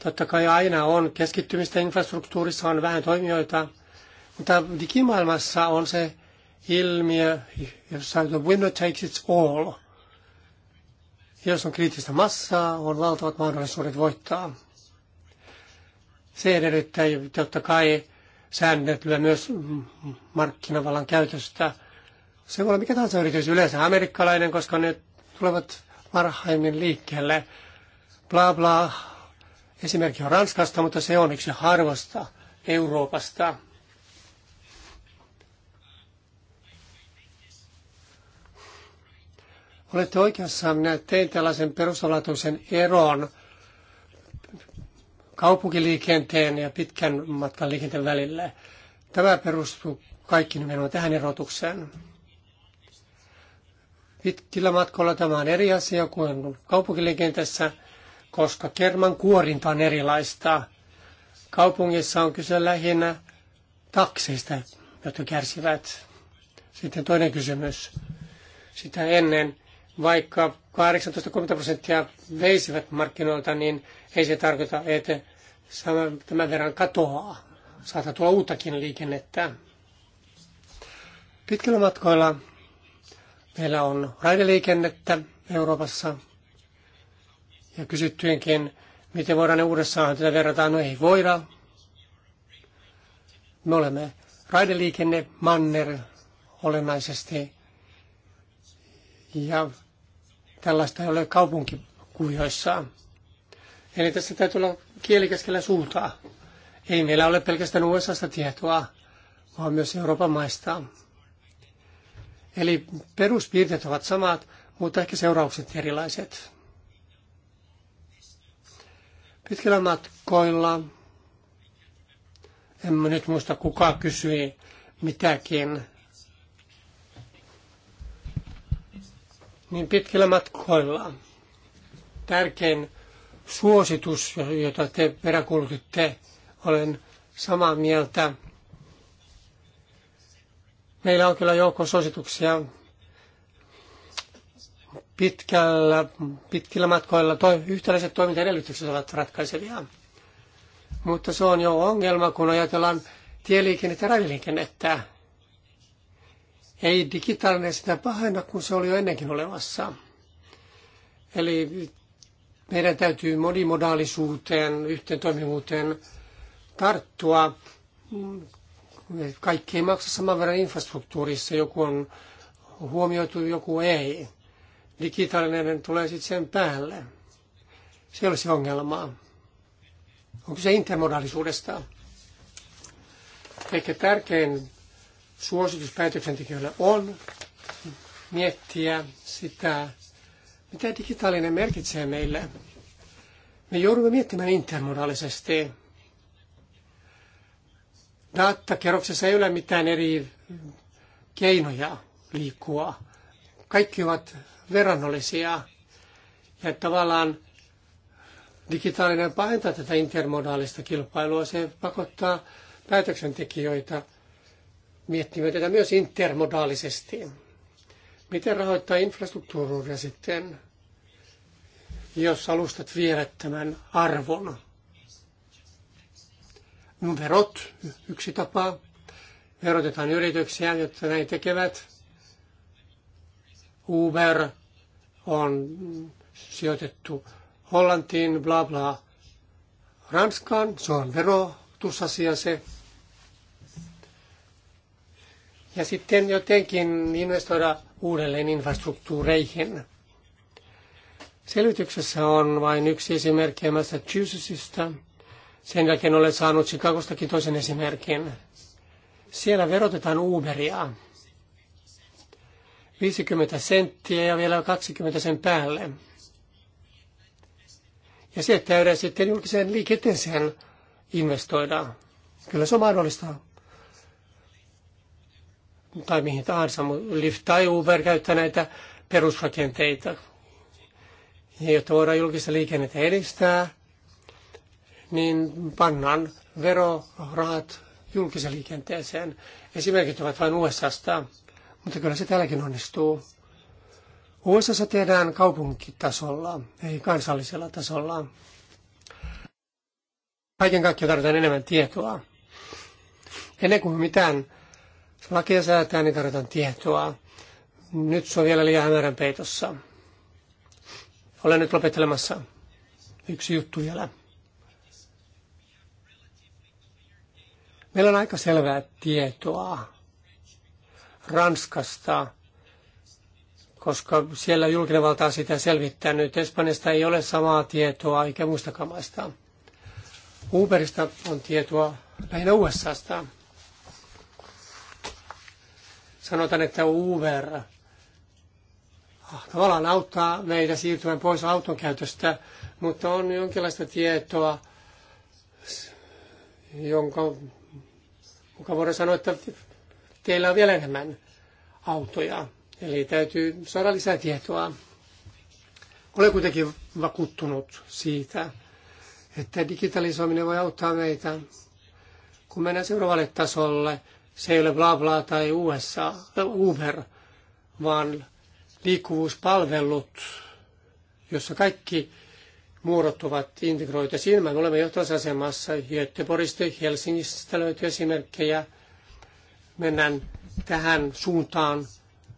Totta kai aina on keskittymistä infrastruktuurissa, on vähän toimijoita, mutta digimaailmassa on se ilmiö, jossa the winner takes it all. Jos on kriittistä massaa, on valtavat mahdollisuudet voittaa. Se edellyttää totta kai säännötyä myös markkinavallan käytöstä. Se voi olla mikä tahansa yritys, yleensä amerikkalainen, koska ne tulevat varhaimmin liikkeelle. Bla bla. Esimerkki on Ranskasta, mutta se on yksi harvosta Euroopasta. Olette oikeassa, minä tein tällaisen perusolatuisen eron – kaupunkiliikenteen ja pitkän matkan liikenteen välillä. Tämä perustuu kaikki nimenomaan tähän erotukseen. Pitkillä matkoilla tämä on eri asia kuin kaupunkiliikenteessä, koska kerman kuorinta on erilaista. Kaupungissa on kyse lähinnä takseista, jotka kärsivät. Sitten toinen kysymys. Sitä ennen, vaikka 18-30 prosenttia veisivät markkinoilta, niin ei se tarkoita, että tämän verran katoaa. Saattaa tulla uuttakin liikennettä. Pitkillä matkoilla meillä on raideliikennettä Euroopassa. Ja kysyttyinkin, miten voidaan ne uudessaan tätä verrata. No ei voida. Me olemme raideliikenne manner olennaisesti. Ja tällaista ei ole kaupunkikuvioissaan. Eli tässä täytyy olla kieli keskellä suuntaa. Ei meillä ole pelkästään USAsta tietoa, vaan myös Euroopan maista. Eli peruspiirteet ovat samat, mutta ehkä seuraukset erilaiset. Pitkillä matkoilla, en nyt muista kuka kysyi mitäkin, niin pitkillä matkoilla tärkein suositus, jota te peräkuulutitte, olen samaa mieltä. Meillä on kyllä joukko suosituksia pitkällä, pitkillä matkoilla. To, yhtäläiset toimintaedellytykset ovat ratkaisevia. Mutta se on jo ongelma, kun ajatellaan tieliikennettä ja raviliikennettä. Ei digitaalinen sitä pahenna, kun se oli jo ennenkin olemassa. Eli meidän täytyy monimodaalisuuteen, yhteen toimivuuteen tarttua. Kaikki ei maksa saman verran infrastruktuurissa. Joku on huomioitu, joku ei. Digitaalinen tulee sitten sen päälle. Se olisi ongelmaa. Onko se intermodaalisuudesta? Ehkä tärkein suositus päätöksentekijöille on miettiä sitä, mitä digitaalinen merkitsee meille? Me joudumme miettimään intermodaalisesti. Datakerroksessa ei ole mitään eri keinoja liikkua. Kaikki ovat verrannollisia. Ja tavallaan digitaalinen pahentaa tätä intermodaalista kilpailua. Se pakottaa päätöksentekijöitä miettimään tätä myös intermodaalisesti. Miten rahoittaa infrastruktuuria sitten, jos alustat vievät tämän arvon? Verot yksi tapa. Verotetaan yrityksiä, jotta näin tekevät. Uber on sijoitettu Hollantiin, bla bla. Ranskaan, se on verotusasia se. Ja sitten jotenkin investoida uudelleen infrastruktuureihin. Selvityksessä on vain yksi esimerkki Massachusettsista. Sen jälkeen olen saanut Chicagostakin toisen esimerkin. Siellä verotetaan Uberia. 50 senttiä ja vielä 20 sen päälle. Ja se täydä sitten julkiseen liikenteeseen investoidaan. Kyllä se on mahdollista tai mihin tahansa, mutta Lyft tai Uber käyttää näitä perusrakenteita. Ja jotta voidaan julkista liikennettä edistää, niin pannaan verorahat julkisen liikenteeseen. Esimerkit ovat vain USAsta, mutta kyllä se täälläkin onnistuu. USAssa tehdään kaupunkitasolla, ei kansallisella tasolla. Kaiken kaikkiaan tarvitaan enemmän tietoa. Ennen kuin mitään lakia säätää, niin tarvitaan tietoa. Nyt se on vielä liian hämärän peitossa. Olen nyt lopettelemassa. Yksi juttu vielä. Meillä on aika selvää tietoa Ranskasta, koska siellä julkinen valta on sitä selvittänyt. Espanjasta ei ole samaa tietoa eikä muistakaan maista. Uberista on tietoa lähinnä USAsta sanotaan, että Uber ah, tavallaan auttaa meitä siirtymään pois auton käytöstä, mutta on jonkinlaista tietoa, jonka mukaan voidaan sanoa, että teillä on vielä enemmän autoja. Eli täytyy saada lisää tietoa. Olen kuitenkin vakuuttunut siitä, että digitalisoiminen voi auttaa meitä, kun mennään seuraavalle tasolle – se ei ole bla bla tai USA, Uber, vaan liikkuvuuspalvelut, jossa kaikki muodot ovat integroituja. Siinä me olemme johtoasemassa Göteborgista, Helsingistä löytyy esimerkkejä. Mennään tähän suuntaan,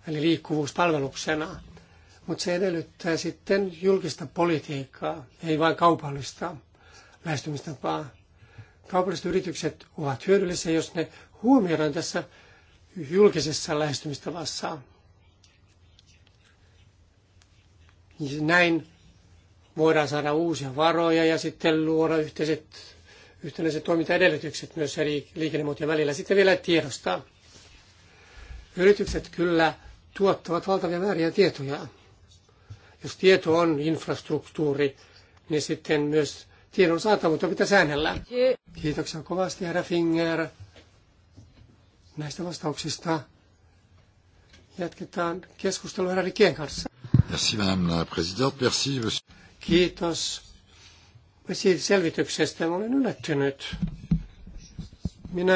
eli liikkuvuuspalveluksena. Mutta se edellyttää sitten julkista politiikkaa, ei vain kaupallista lähestymistapaa. Kaupalliset yritykset ovat hyödyllisiä, jos ne huomioidaan tässä julkisessa lähestymistavassa. Näin voidaan saada uusia varoja ja sitten luoda yhteiset, yhtenäiset toimintaedellytykset myös eri liikennemuotojen välillä. Sitten vielä tiedostaa. Yritykset kyllä tuottavat valtavia määriä tietoja. Jos tieto on infrastruktuuri, niin sitten myös tiedon saatavuutta pitää säännellä. Kiitoksia kovasti, herra Finger näistä vastauksista. Jatketaan keskustelua herra Rikien kanssa. Merci, madame la présidente. Merci, monsieur. Kiitos siitä selvityksestä. Mä olen yllättynyt. Minä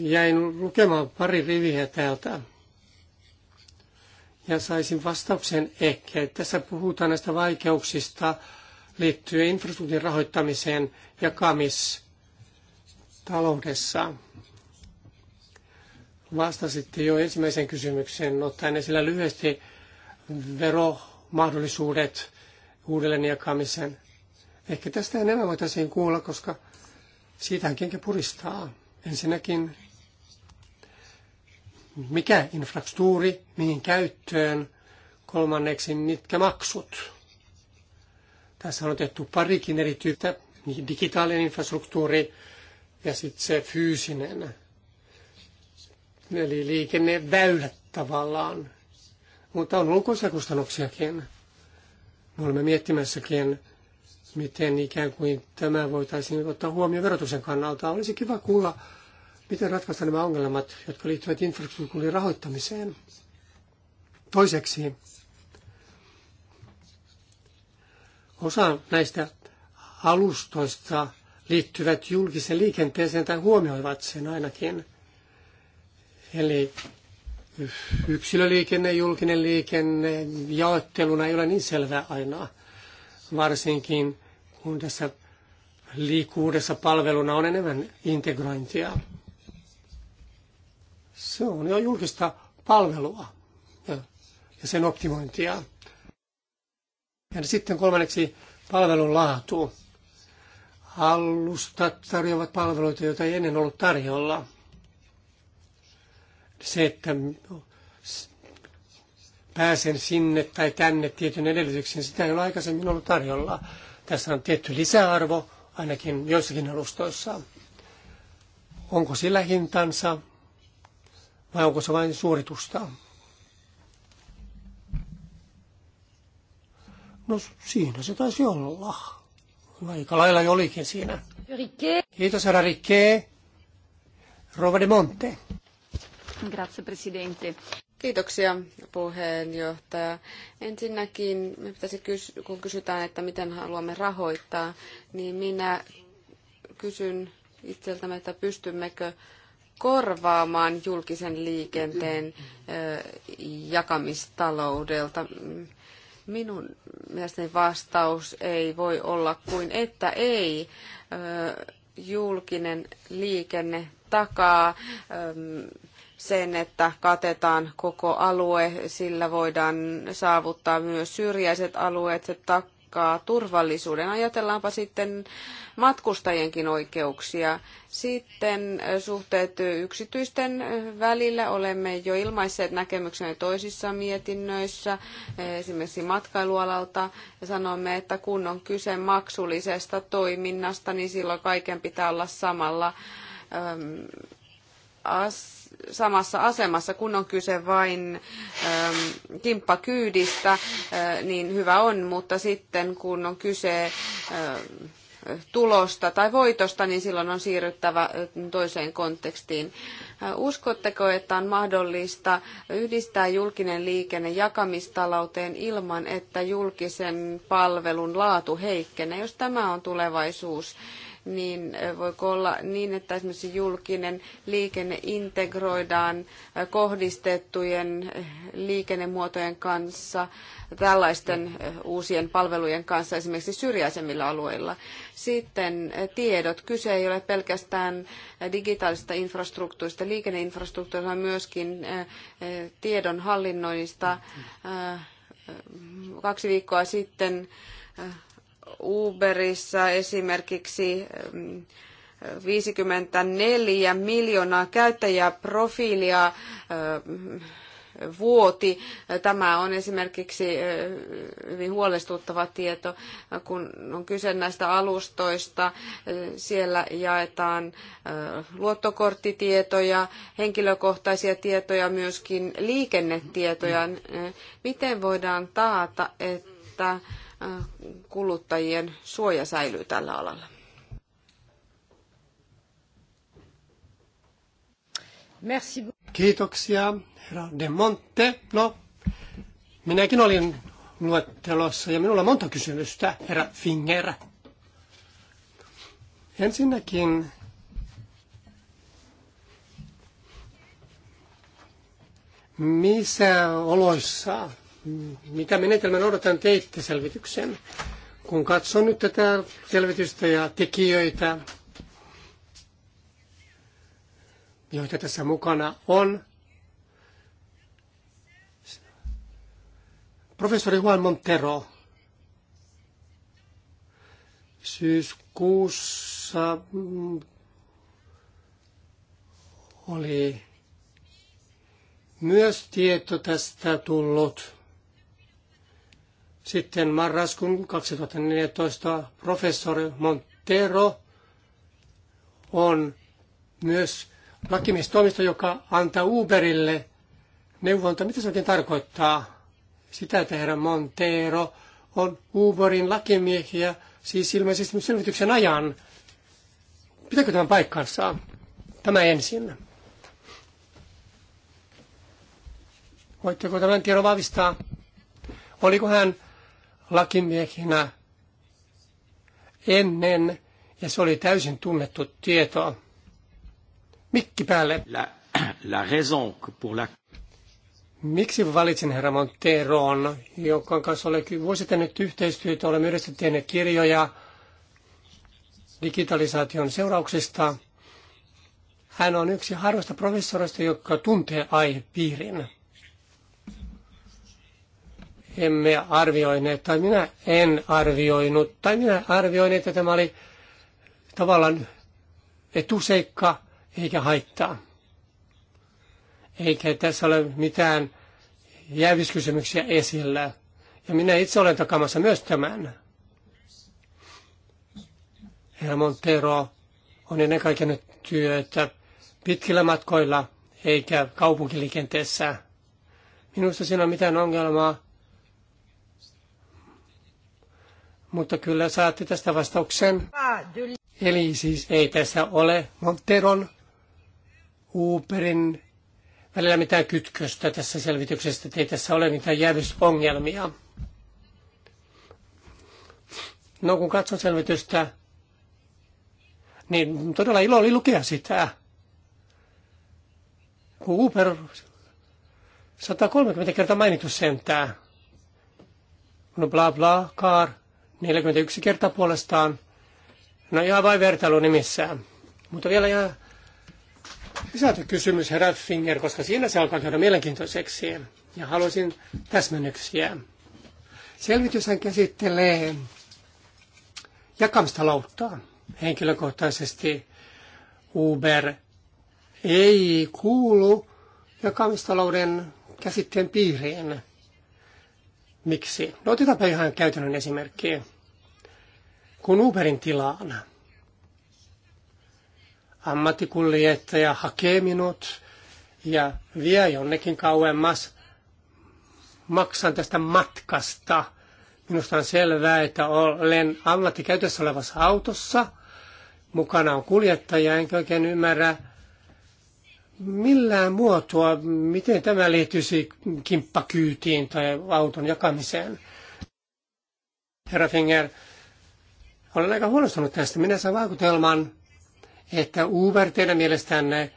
jäin lukemaan pari riviä täältä. Ja saisin vastauksen ehkä, että tässä puhutaan näistä vaikeuksista liittyen infrastruktuurin rahoittamiseen jakamis taloudessa. Vastasitte jo ensimmäisen kysymyksen ottaen esillä lyhyesti veromahdollisuudet uudelleen jakamisen. Ehkä tästä enemmän voitaisiin kuulla, koska siitähän kenkä puristaa. Ensinnäkin, mikä infrastruktuuri, mihin käyttöön, kolmanneksi, mitkä maksut. Tässä on otettu parikin eri tyyppiä, digitaalinen infrastruktuuri ja sitten se fyysinen Eli liikenneväylät tavallaan. Mutta on lukuisia kustannuksiakin. Me olemme miettimässäkin, miten ikään kuin tämä voitaisiin ottaa huomioon verotuksen kannalta. Olisi kiva kuulla, miten ratkaista nämä ongelmat, jotka liittyvät infrastruktuurin rahoittamiseen. Toiseksi, osa näistä alustoista liittyvät julkisen liikenteeseen tai huomioivat sen ainakin – Eli yksilöliikenne, julkinen liikenne jaotteluna ei ole niin selvä aina, varsinkin kun tässä liikkuudessa palveluna on enemmän integrointia. Se on jo julkista palvelua ja sen optimointia. Ja sitten kolmanneksi palvelun laatu. Alustat tarjoavat palveluita, joita ei ennen ollut tarjolla – se, että pääsen sinne tai tänne tietyn edellytyksen, sitä ei ole aikaisemmin ollut tarjolla. Tässä on tietty lisäarvo, ainakin joissakin alustoissa. Onko sillä hintansa vai onko se vain suoritusta? No siinä se taisi olla. No, aika lailla jo olikin siinä. Rikke. Kiitos herra Rikke. Rova de Monte. Grazie, presidente. Kiitoksia puheenjohtaja. Ensinnäkin me pitäisi kys- kun kysytään, että miten haluamme rahoittaa, niin minä kysyn itseltämme, että pystymmekö korvaamaan julkisen liikenteen jakamistaloudelta. Minun mielestäni vastaus ei voi olla kuin, että ei. Julkinen liikenne takaa sen, että katetaan koko alue, sillä voidaan saavuttaa myös syrjäiset alueet, se takaa turvallisuuden. Ajatellaanpa sitten matkustajienkin oikeuksia. Sitten suhteet yksityisten välillä olemme jo ilmaisseet näkemyksemme toisissa mietinnöissä, e, esimerkiksi matkailualalta, ja sanomme, että kun on kyse maksullisesta toiminnasta, niin silloin kaiken pitää olla samalla as samassa asemassa, kun on kyse vain äm, kimppakyydistä, ä, äh, niin hyvä on, mutta sitten kun on kyse ä, äh, tulosta tai voitosta, niin silloin on siirryttävä äh, toiseen kontekstiin. Uskotteko, että on mahdollista yhdistää julkinen liikenne jakamistalouteen ilman, että julkisen palvelun laatu heikkenee, jos tämä on tulevaisuus? niin voiko olla niin, että esimerkiksi julkinen liikenne integroidaan kohdistettujen liikennemuotojen kanssa, tällaisten uusien palvelujen kanssa esimerkiksi syrjäisemmillä alueilla. Sitten tiedot. Kyse ei ole pelkästään digitaalisesta infrastruktuurista, liikenneinfrastruktuurista, vaan myöskin tiedon hallinnoinnista. Kaksi viikkoa sitten Uberissa esimerkiksi 54 miljoonaa käyttäjäprofiilia vuoti. Tämä on esimerkiksi hyvin huolestuttava tieto, kun on kyse näistä alustoista. Siellä jaetaan luottokorttitietoja, henkilökohtaisia tietoja, myöskin liikennetietoja. Miten voidaan taata, että Äh, kuluttajien suoja säilyy tällä alalla. Merci. Kiitoksia, herra De Monte. No, minäkin olin luettelossa ja minulla on monta kysymystä, herra Finger. Ensinnäkin missä oloissa mitä menetelmän odotan teitte selvityksen? Kun katson nyt tätä selvitystä ja tekijöitä, joita tässä mukana on, professori Juan Montero syyskuussa oli myös tieto tästä tullut. Sitten marraskuun 2014 professori Montero on myös lakimiestoimisto, joka antaa Uberille neuvonta. Mitä se oikein tarkoittaa? Sitä, että herra Montero on Uberin lakimiehiä, siis ilmeisesti selvityksen ajan. Pitääkö tämän paikkansa? Tämä ensin. Voitteko tämän tiedon vahvistaa? Oliko hän lakimiehinä ennen, ja se oli täysin tunnettu tieto. Mikki päälle. La, la raison pour la... Miksi valitsin herra Monteron, jonka kanssa olen vuosi tehnyt yhteistyötä, olemme yhdessä tehneet kirjoja digitalisaation seurauksista. Hän on yksi harvoista professoreista, joka tuntee aihepiirin emme arvioineet, tai minä en arvioinut, tai minä arvioin, että tämä oli tavallaan etuseikka eikä haittaa. Eikä tässä ole mitään jäävyskysymyksiä esillä. Ja minä itse olen takamassa myös tämän. Herra Montero on ennen kaikkea nyt työtä pitkillä matkoilla eikä kaupunkiliikenteessä. Minusta siinä on mitään ongelmaa mutta kyllä saatte tästä vastauksen. Eli siis ei tässä ole Monteron Uberin välillä mitään kytköstä tässä selvityksessä, että ei tässä ole mitään jäävysongelmia. No kun katson selvitystä, niin todella ilo oli lukea sitä. Kun Uber 130 kertaa mainittu sentää. No bla bla, car, 41 kertaa puolestaan. No ihan vain vertailun nimissään, Mutta vielä ihan lisätä kysymys herra Finger, koska siinä se alkaa käydä mielenkiintoiseksi. Ja haluaisin täsmennyksiä. Selvityshän käsittelee jakamistaloutta henkilökohtaisesti. Uber ei kuulu jakamistalouden käsitteen piiriin. Miksi? No otetaanpa ihan käytännön esimerkki. Kun Uberin tilaan ammattikuljettaja hakee minut ja vie jonnekin kauemmas, maksan tästä matkasta. Minusta on selvää, että olen ammattikäytössä olevassa autossa. Mukana on kuljettaja, enkä oikein ymmärrä, millään muotoa, miten tämä liittyisi kimppakyytiin tai auton jakamiseen. Herra Finger, olen aika huolestunut tästä. Minä saan vaikutelman, että Uber teidän mielestänne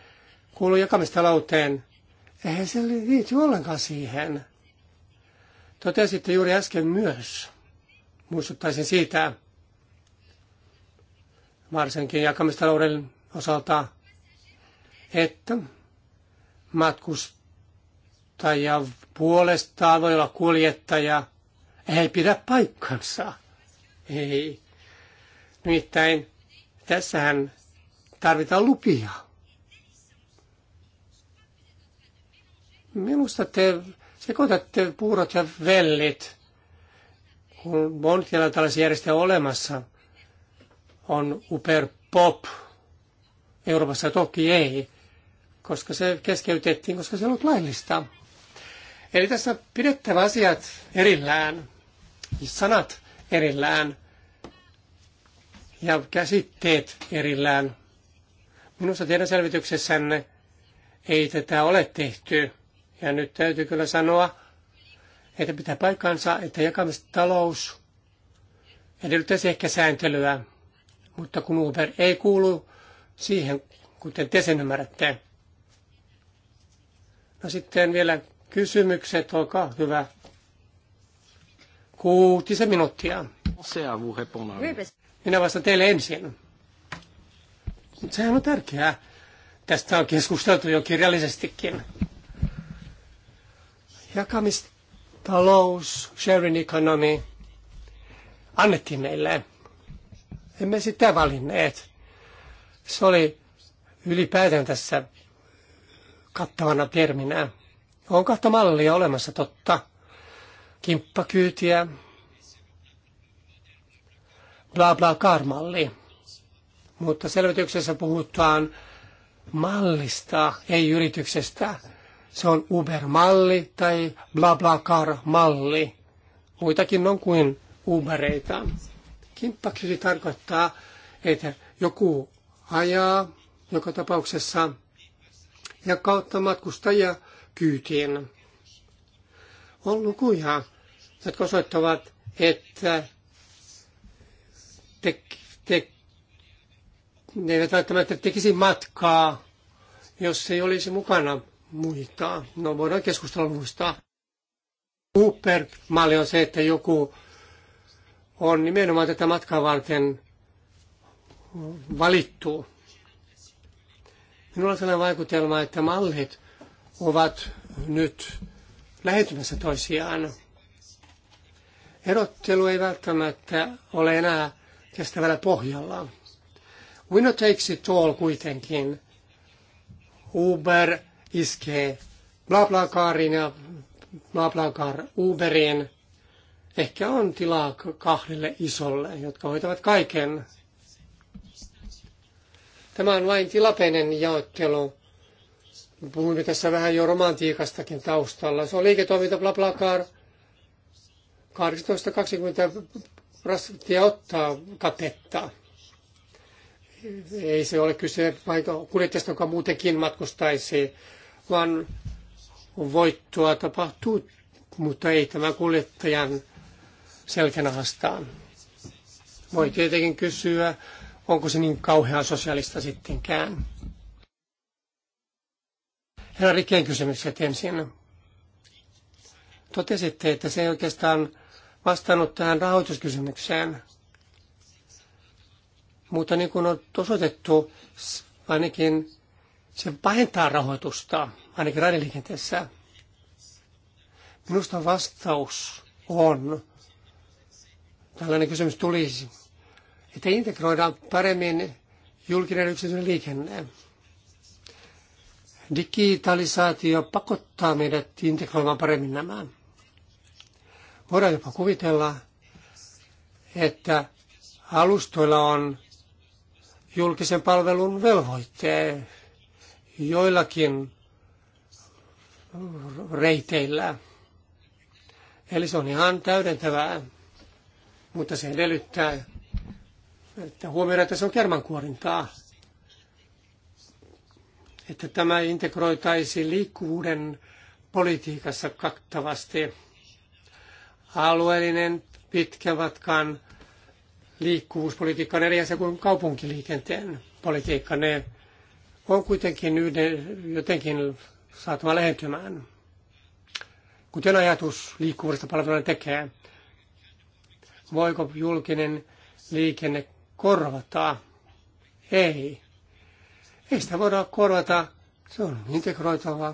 kuuluu jakamistalouteen. Eihän se liity ollenkaan siihen. Totesitte juuri äsken myös. Muistuttaisin siitä, varsinkin jakamistalouden osalta että matkustaja puolestaan voi olla kuljettaja. Ei pidä paikkansa. Ei. Nimittäin tässähän tarvitaan lupia. Minusta te sekoitatte puurot ja vellit, kun on vielä tällaisia järjestöjä olemassa. On Uber Pop, Euroopassa toki ei koska se keskeytettiin, koska se ei ollut laillista. Eli tässä pidettävä asiat erillään, sanat erillään ja käsitteet erillään. Minusta teidän selvityksessänne ei tätä ole tehty. Ja nyt täytyy kyllä sanoa, että pitää paikkansa, että jakamistalous edellyttäisi ehkä sääntelyä, mutta kun Uber ei kuulu siihen, kuten te sen ymmärrätte, No sitten vielä kysymykset, olkaa hyvä. Kuutisen minuuttia. Minä vastaan teille ensin. Mutta sehän on tärkeää. Tästä on keskusteltu jo kirjallisestikin. Jakamistalous, sharing economy, annettiin meille. Emme sitä valinneet. Se oli ylipäätään tässä kattavana terminä. On kahta mallia olemassa totta. Kimppakyytiä, bla bla karmalli. Mutta selvityksessä puhutaan mallista, ei yrityksestä. Se on Uber-malli tai Bla Bla BlaBlaCar-malli. Muitakin on kuin Ubereita. Kimppakyyti tarkoittaa, että joku ajaa joka tapauksessa – ja kautta matkustajia kyytiin. On lukuja, jotka osoittavat, että te, te, ne eivät välttämättä tekisi matkaa, jos ei olisi mukana muita. No voidaan keskustella muista. Uber-malli on se, että joku on nimenomaan tätä matkaa varten valittu. Minulla on sellainen vaikutelma, että mallit ovat nyt lähentymässä toisiaan. Erottelu ei välttämättä ole enää kestävällä pohjalla. Winner takes it all kuitenkin. Uber iskee BlaBlaCarin ja BlaBlaCar Uberiin. Ehkä on tilaa kahdelle isolle, jotka hoitavat kaiken Tämä on vain tilapäinen jaottelu. Puhumme tässä vähän jo romantiikastakin taustalla. Se on liiketoiminta BlaBlaCar. 18-20 prosenttia ottaa katetta. Ei se ole kyse vaikka kuljettajasta, joka muutenkin matkustaisi, vaan voittoa tapahtuu, mutta ei tämä kuljettajan selkänahastaan. Voi tietenkin kysyä, onko se niin kauhean sosiaalista sittenkään. Herra Rikkeen kysymykset ensin. Totesitte, että se ei oikeastaan vastannut tähän rahoituskysymykseen. Mutta niin kuin on osoitettu, ainakin se pahentaa rahoitusta, ainakin raideliikenteessä. Minusta vastaus on, tällainen kysymys tulisi että integroidaan paremmin julkinen yksityinen liikenne. Digitalisaatio pakottaa meidät integroimaan paremmin nämä. Voidaan jopa kuvitella, että alustoilla on julkisen palvelun velvoitteet joillakin reiteillä. Eli se on ihan täydentävää, mutta se edellyttää että huomioidaan, että se on kermankuorintaa. Että tämä integroitaisiin liikkuvuuden politiikassa kattavasti. Alueellinen pitkän matkan liikkuvuuspolitiikka on eri asia kuin kaupunkiliikenteen politiikka. Ne on kuitenkin yhden, jotenkin saatava lähentymään. Kuten ajatus liikkuvuudesta palveluna tekee, voiko julkinen liikenne korvata. Ei. Ei sitä voida korvata. Se on integroitava.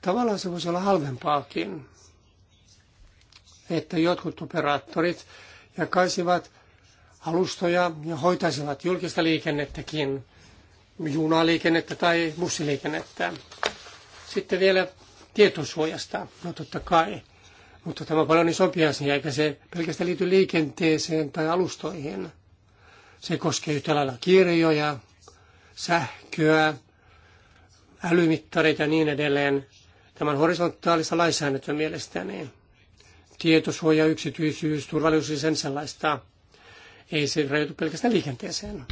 Tavallaan se voisi olla halvempaakin, että jotkut operaattorit jakaisivat alustoja ja hoitaisivat julkista liikennettäkin, junaliikennettä tai bussiliikennettä. Sitten vielä tietosuojasta, no totta kai mutta tämä paljon isompi asia, eikä se pelkästään liity liikenteeseen tai alustoihin. Se koskee yhtä lailla kirjoja, sähköä, älymittareita ja niin edelleen. tämän on horisontaalista lainsäädäntöä mielestäni. Tietosuoja, yksityisyys, turvallisuus ja sen sellaista. Ei se rajoitu pelkästään liikenteeseen.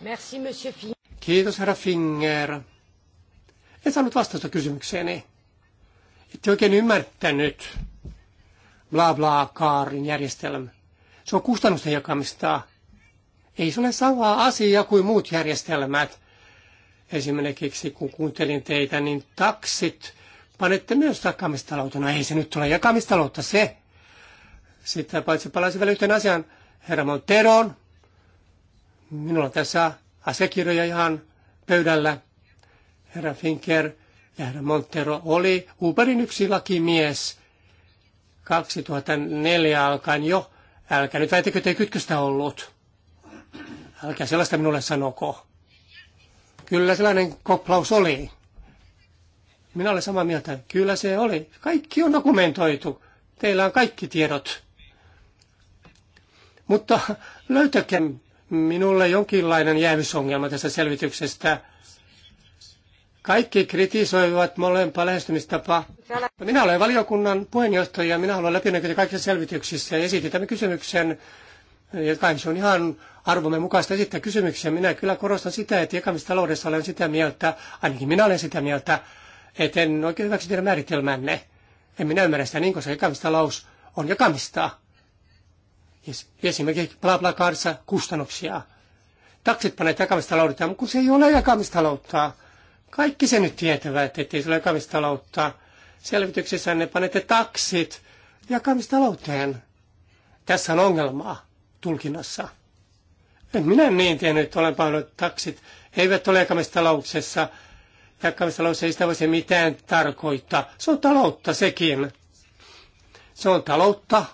Merci, monsieur Finger. Kiitos, herra Finger. En saanut vastausta kysymykseeni. Ette oikein ymmärtänyt bla bla kaarin järjestelmä. Se on kustannusten jakamista. Ei se ole sama asia kuin muut järjestelmät. Esimerkiksi kun kuuntelin teitä, niin taksit panette myös jakamistaloutta. No ei se nyt ole jakamistaloutta se. Sitten paitsi palaisin vielä yhteen asian herra Monteron. Minulla on tässä asiakirjoja ihan pöydällä. Herra Finker ja herra Montero oli Uberin yksi lakimies – 2004 alkaen jo. Älkää nyt väitäkö, ei kytköstä ollut. Älkää sellaista minulle sanoko. Kyllä sellainen koplaus oli. Minä olen samaa mieltä. Kyllä se oli. Kaikki on dokumentoitu. Teillä on kaikki tiedot. Mutta löytäkää minulle jonkinlainen jäävysongelma tästä selvityksestä. Kaikki kritisoivat molempaa lähestymistapaa. Minä olen valiokunnan puheenjohtaja ja minä haluan läpinäkyä kaikissa selvityksissä ja esitin tämän kysymyksen. Ja kai se on ihan arvomme mukaista esittää kysymyksiä. Minä kyllä korostan sitä, että jakamistaloudessa olen sitä mieltä, ainakin minä olen sitä mieltä, että en oikein hyväksy teidän määritelmänne. En minä ymmärrä sitä niin, koska jakamistalous on jakamista. Esimerkiksi bla bla kaarissa kustannuksia. Taksit paneet jakamistaloudetta, mutta kun se ei ole jakamistaloutta kaikki se nyt tietävät, ettei sulla jakamistaloutta. Selvityksessä ne panette taksit jakamistalouteen. Tässä on ongelmaa tulkinnassa. En minä niin tiennyt, olen pannut taksit. He eivät ole jakamistalouksessa. Jakamistalous ei sitä voisi mitään tarkoittaa. Se on taloutta sekin. Se on taloutta.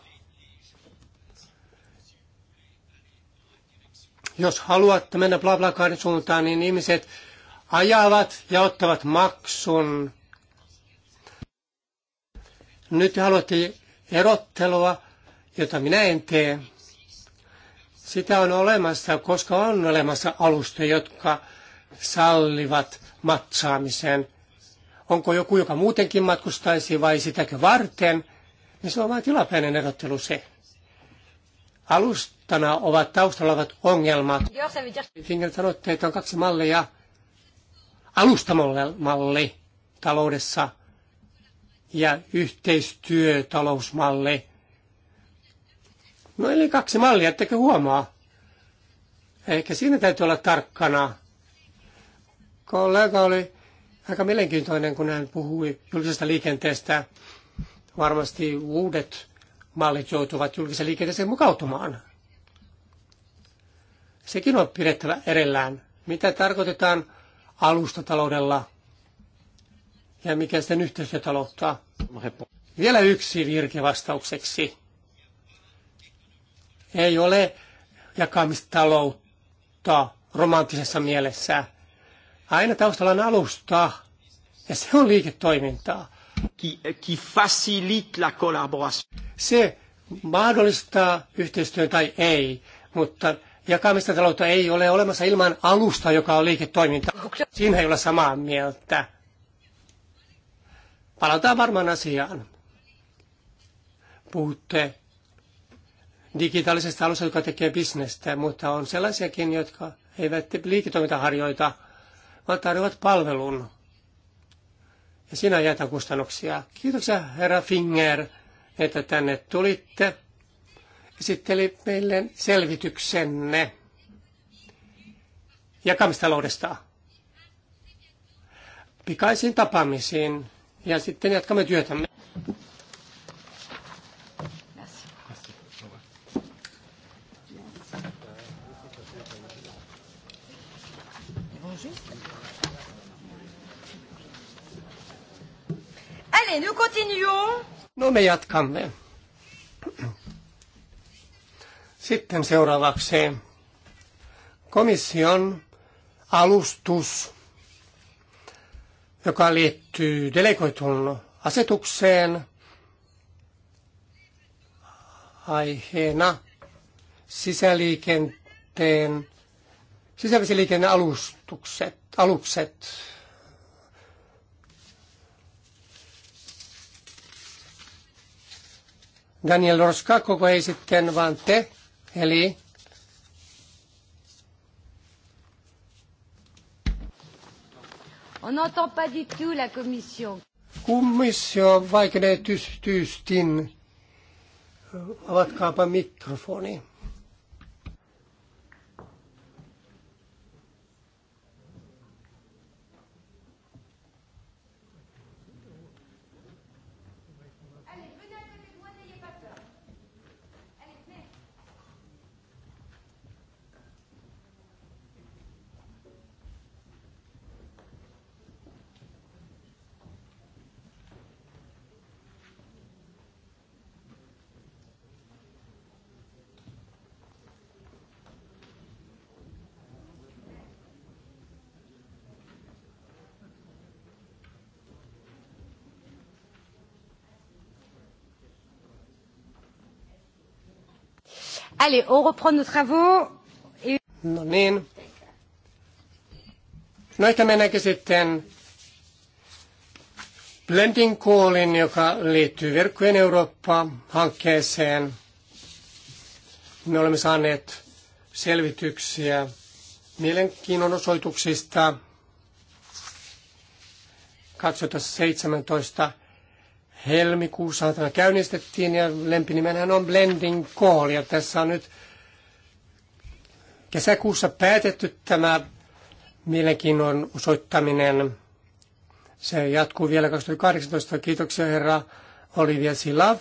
Jos haluatte mennä BlaBlaCarin suuntaan, niin ihmiset ajavat ja ottavat maksun. Nyt te haluatte erottelua, jota minä en tee. Sitä on olemassa, koska on olemassa alusta, jotka sallivat matsaamisen. Onko joku, joka muutenkin matkustaisi vai sitäkö varten, niin se on vain tilapäinen erottelu se. Alustana ovat taustalla ovat ongelmat. Finger sanotte, että on kaksi mallia alustamalli taloudessa ja yhteistyötalousmalli. No eli kaksi mallia, ettekö huomaa? Ehkä siinä täytyy olla tarkkana. Kollega oli aika mielenkiintoinen, kun hän puhui julkisesta liikenteestä. Varmasti uudet mallit joutuvat julkisen liikenteeseen mukautumaan. Sekin on pidettävä erillään. Mitä tarkoitetaan alustataloudella ja mikä sitten yhteisötaloutta. Vielä yksi virke vastaukseksi. Ei ole jakamistaloutta romanttisessa mielessä. Aina taustalla on alusta, ja se on liiketoimintaa. Qui, qui facilite la collaboration. Se mahdollistaa yhteistyön tai ei, mutta Jakamista taloutta ei ole olemassa ilman alusta, joka on liiketoiminta. Siinä ei ole samaa mieltä. Palataan varmaan asiaan. Puhutte digitaalisesta alusta, joka tekee bisnestä, mutta on sellaisiakin, jotka eivät liiketoiminta harjoita, vaan tarjoavat palvelun. Ja siinä jätä kustannuksia. Kiitoksia, herra Finger, että tänne tulitte esitteli meille selvityksenne jakamistaloudesta pikaisiin tapaamisiin ja sitten jatkamme työtämme. Allez, nous continuons. No me jatkamme. Sitten seuraavaksi komission alustus, joka liittyy delegoitun asetukseen aiheena sisäliikenteen, sisävesiliikenteen alustukset, alukset. Daniel koko ei sitten, vaan te Eli On n'entend pas du tout la commission. Komissio vaikenee tystyystin. Avatkaapa mikrofoni. Allez, on reprend nos travaux. No niin. No ehkä mennäänkin sitten Blending Callin, joka liittyy Verkkojen Eurooppa-hankkeeseen. Me olemme saaneet selvityksiä mielenkiinnon osoituksista 17 helmikuussa tämä käynnistettiin ja lempinimenhän on Blending Call ja tässä on nyt kesäkuussa päätetty tämä mielenkiinnon osoittaminen. Se jatkuu vielä 2018. Kiitoksia herra Olivia Silav.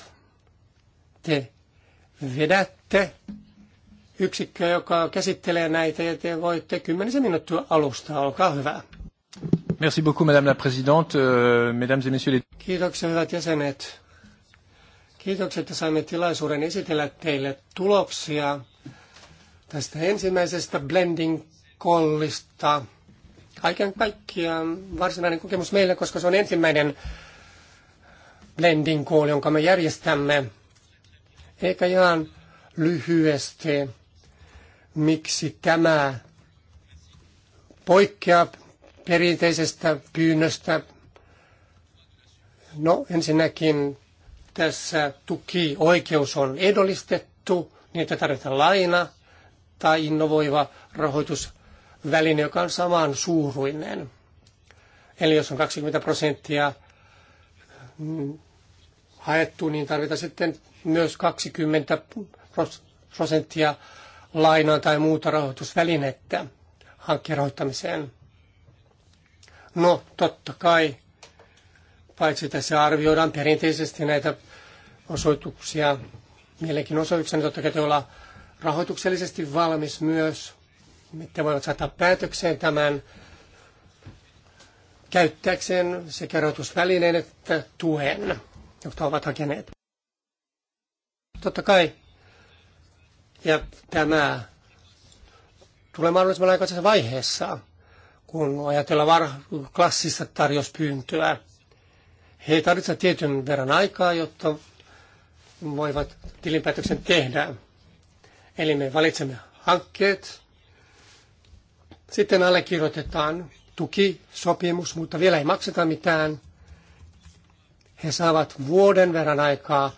Te vedätte yksikkö, joka käsittelee näitä ja te voitte kymmenisen minuuttia alusta. Olkaa hyvä. Merci beaucoup, Madame la Présidente, euh, Mesdames et Messieurs les... Kiitoksia, hyvät jäsenet. Kiitokset, että saimme tilaisuuden esitellä teille tuloksia tästä ensimmäisestä blending-kollista. Kaiken kaikkiaan varsinainen kokemus meille, koska se on ensimmäinen blending call, jonka me järjestämme. Eikä ihan lyhyesti, miksi tämä poikkeaa perinteisestä pyynnöstä. No ensinnäkin tässä tukioikeus on edollistettu, niin että tarvitaan laina tai innovoiva rahoitusväline, joka on saman suuruinen. Eli jos on 20 prosenttia mm, haettu, niin tarvitaan sitten myös 20 prosenttia lainaa tai muuta rahoitusvälinettä hankkeen rahoittamiseen. No, totta kai, paitsi tässä arvioidaan perinteisesti näitä osoituksia, osoituksia, niin totta kai olla rahoituksellisesti valmis myös, että voivat saattaa päätökseen tämän käyttääkseen sekä rahoitusvälineen että tuen, jotka ovat hakeneet. Totta kai. Ja tämä tulee mahdollisimman aikaisessa vaiheessa kun ajatellaan var- klassista tarjouspyyntöä. He tarvitsevat tietyn verran aikaa, jotta voivat tilinpäätöksen tehdä. Eli me valitsemme hankkeet, sitten allekirjoitetaan tukisopimus, mutta vielä ei makseta mitään. He saavat vuoden verran aikaa,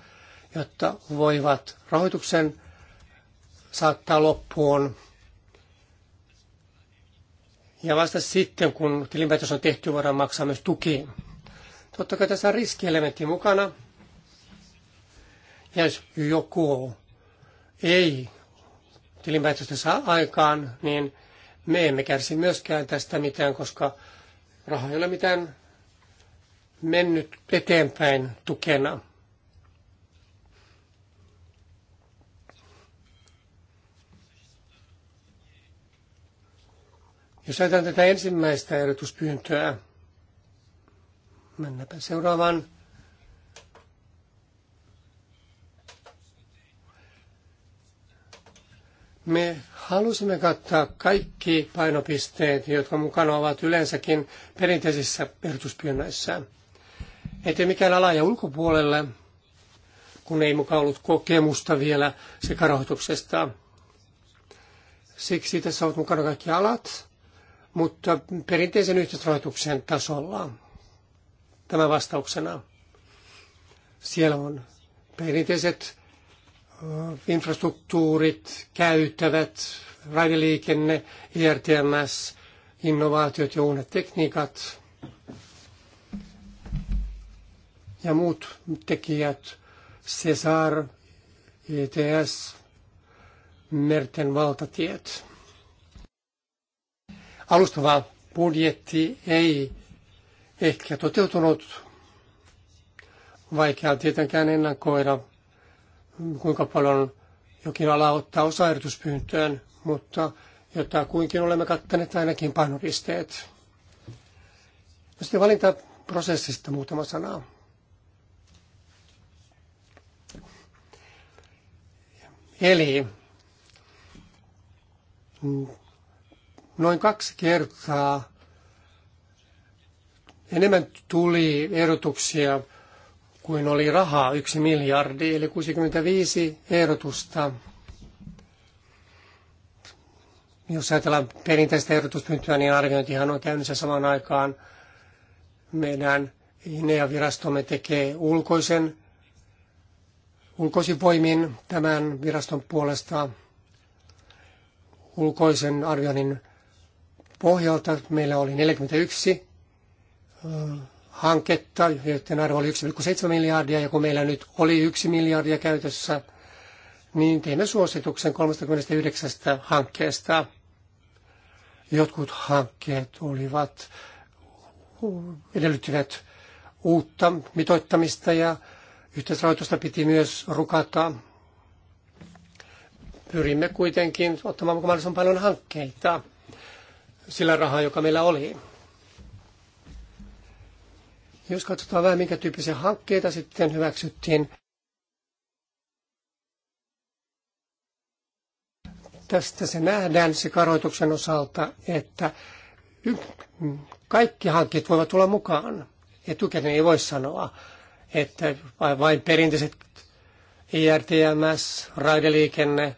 jotta voivat rahoituksen saattaa loppuun ja vasta sitten, kun tilinpäätös on tehty, voidaan maksaa myös tuki. Totta kai tässä on riskielementti mukana. Ja jos joku ei tilinpäätöstä saa aikaan, niin me emme kärsi myöskään tästä mitään, koska raha ei ole mitään mennyt eteenpäin tukena. Jos ajatellaan tätä ensimmäistä ehdotuspyyntöä, mennäpä seuraavaan. Me halusimme kattaa kaikki painopisteet, jotka mukana ovat yleensäkin perinteisissä ehdotuspyynnöissä. Ettei mikään ala ja ulkopuolelle, kun ei mukaan ollut kokemusta vielä rahoituksesta. Siksi tässä ovat mukana kaikki alat, mutta perinteisen yhteisrahoituksen tasolla. Tämä vastauksena. Siellä on perinteiset infrastruktuurit, käytävät, raideliikenne, IRTMS, e innovaatiot ja uudet tekniikat ja muut tekijät, Cesar, ETS, merten valtatiet. Alustava budjetti ei ehkä toteutunut. Vaikea tietenkään ennakoida, kuinka paljon jokin ala ottaa osaehdotuspyyntöön, mutta jotta kuinkin olemme kattaneet ainakin painopisteet. No sitten valintaprosessista muutama sana. Eli noin kaksi kertaa enemmän tuli ehdotuksia kuin oli rahaa, yksi miljardi, eli 65 ehdotusta. Jos ajatellaan perinteistä ehdotuspyyntöä, niin arviointihan on käynnissä samaan aikaan. Meidän INEA-virastomme tekee ulkoisen, ulkoisin voimin tämän viraston puolesta ulkoisen arvioinnin pohjalta meillä oli 41 hanketta, joiden arvo oli 1,7 miljardia, ja kun meillä nyt oli 1 miljardia käytössä, niin teimme suosituksen 39 hankkeesta. Jotkut hankkeet olivat, edellyttivät uutta mitoittamista ja yhteisrahoitusta piti myös rukata. Pyrimme kuitenkin ottamaan mahdollisimman paljon hankkeita sillä rahaa, joka meillä oli. Jos katsotaan vähän, minkä tyyppisiä hankkeita sitten hyväksyttiin, tästä se nähdään se karoituksen osalta, että kaikki hankkeet voivat tulla mukaan. Etukäteen ei voi sanoa, että vain perinteiset IRTMS, e raideliikenne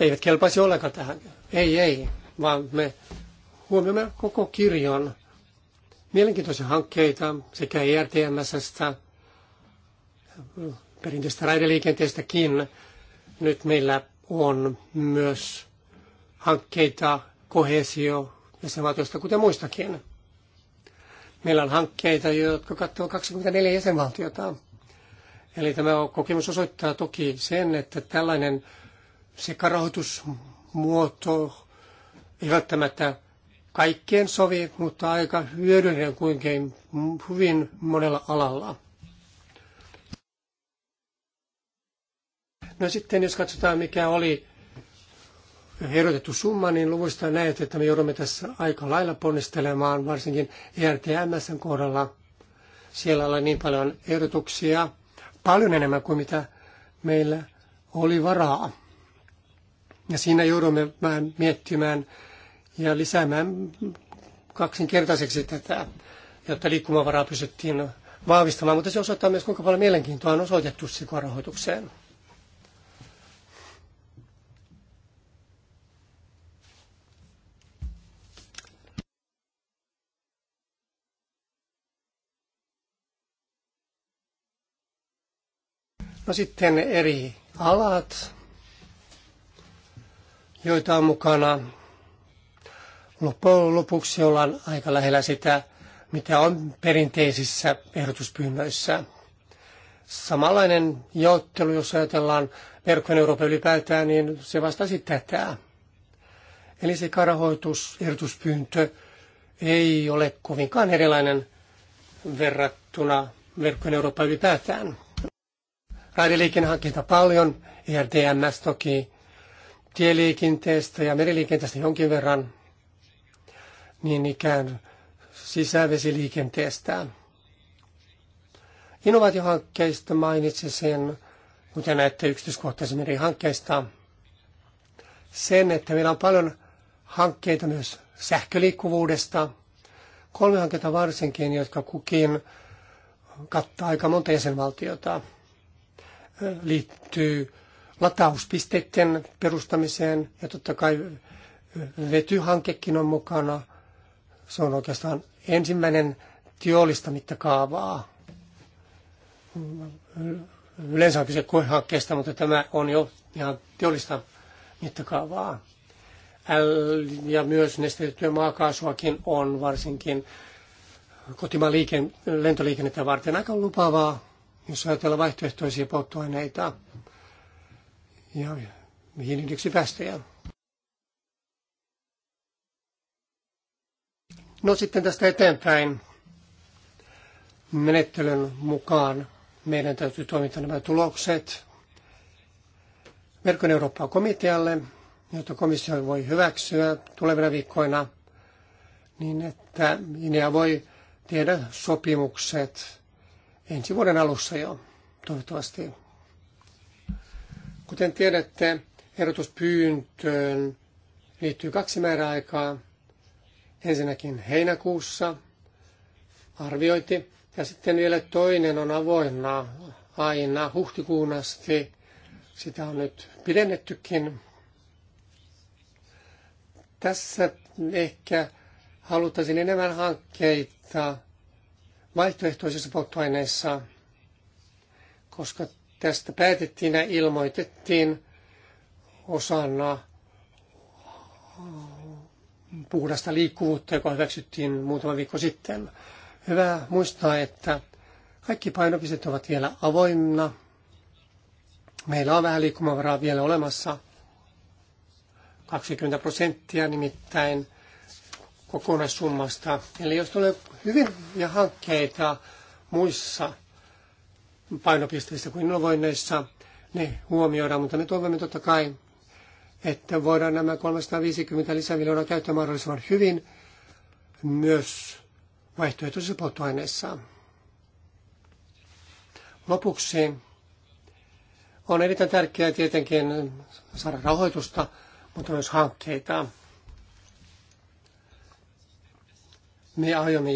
eivät kelpaisi ollenkaan tähän. Ei, ei vaan me huomioimme koko kirjon mielenkiintoisia hankkeita sekä ERTMSstä, perinteistä raideliikenteestäkin. Nyt meillä on myös hankkeita kohesio jäsenvaltioista, kuten muistakin. Meillä on hankkeita, jotka katsovat 24 jäsenvaltiota. Eli tämä kokemus osoittaa toki sen, että tällainen sekarahoitusmuoto ei välttämättä kaikkeen sovi, mutta aika hyödyllinen kuitenkin hyvin monella alalla. No sitten jos katsotaan mikä oli ehdotettu summa, niin luvuista näet, että me joudumme tässä aika lailla ponnistelemaan, varsinkin ERTMSn kohdalla. Siellä oli niin paljon ehdotuksia, paljon enemmän kuin mitä meillä oli varaa. Ja siinä joudumme vähän miettimään, ja lisäämään kaksinkertaiseksi tätä, jotta liikkumavaraa pysyttiin vahvistamaan, mutta se osoittaa myös, kuinka paljon mielenkiintoa on osoitettu sikorahoitukseen. No sitten eri alat, joita on mukana loppujen lopuksi ollaan aika lähellä sitä, mitä on perinteisissä ehdotuspyynnöissä. Samanlainen jaottelu, jos ajatellaan verkkojen Euroopan ylipäätään, niin se vastasi tätä. Eli se karahoitusehdotuspyyntö ei ole kovinkaan erilainen verrattuna verkkojen Euroopan ylipäätään. Raideliikennehankinta paljon, ERDMS toki, tieliikenteestä ja meriliikenteestä jonkin verran, niin ikään sisävesiliikenteestään. Innovaatiohankkeista mainitsin sen, kuten näette yksityiskohtaisemmin eri hankkeista, sen, että meillä on paljon hankkeita myös sähköliikkuvuudesta. Kolme hanketta varsinkin, jotka kukin kattaa aika monta jäsenvaltiota, liittyy latauspisteiden perustamiseen ja totta kai vetyhankekin on mukana – se on oikeastaan ensimmäinen teollista mittakaavaa. Yleensä on kyse koehankkeesta, mutta tämä on jo ihan teollista mittakaavaa. L- ja myös nesteytettyä maakaasuakin on varsinkin kotimaan liiken, lentoliikennettä varten aika lupaavaa, jos ajatellaan vaihtoehtoisia polttoaineita ja päästöjä. No sitten tästä eteenpäin menettelyn mukaan meidän täytyy toimittaa nämä tulokset Verkon Eurooppaa komitealle, jota komissio voi hyväksyä tulevina viikkoina, niin että INEA voi tehdä sopimukset ensi vuoden alussa jo, toivottavasti. Kuten tiedätte, erotuspyyntöön liittyy kaksi määräaikaa – Ensinnäkin heinäkuussa arviointi ja sitten vielä toinen on avoinna aina huhtikuun asti. Sitä on nyt pidennettykin. Tässä ehkä haluttaisin enemmän hankkeita vaihtoehtoisissa polttoaineissa, koska tästä päätettiin ja ilmoitettiin osana puhdasta liikkuvuutta, joka hyväksyttiin muutama viikko sitten. Hyvä muistaa, että kaikki painopisteet ovat vielä avoinna. Meillä on vähän liikkumavaraa vielä olemassa. 20 prosenttia nimittäin kokonaissummasta. Eli jos tulee hyvin ja hankkeita muissa painopisteissä kuin innovoinneissa, ne huomioidaan, mutta me toivomme totta kai että voidaan nämä 350 lisämiljoonaa käyttää mahdollisimman hyvin myös vaihtoehtoisessa. polttoaineessa. Lopuksi on erittäin tärkeää tietenkin saada rahoitusta, mutta myös hankkeita. Me aiomme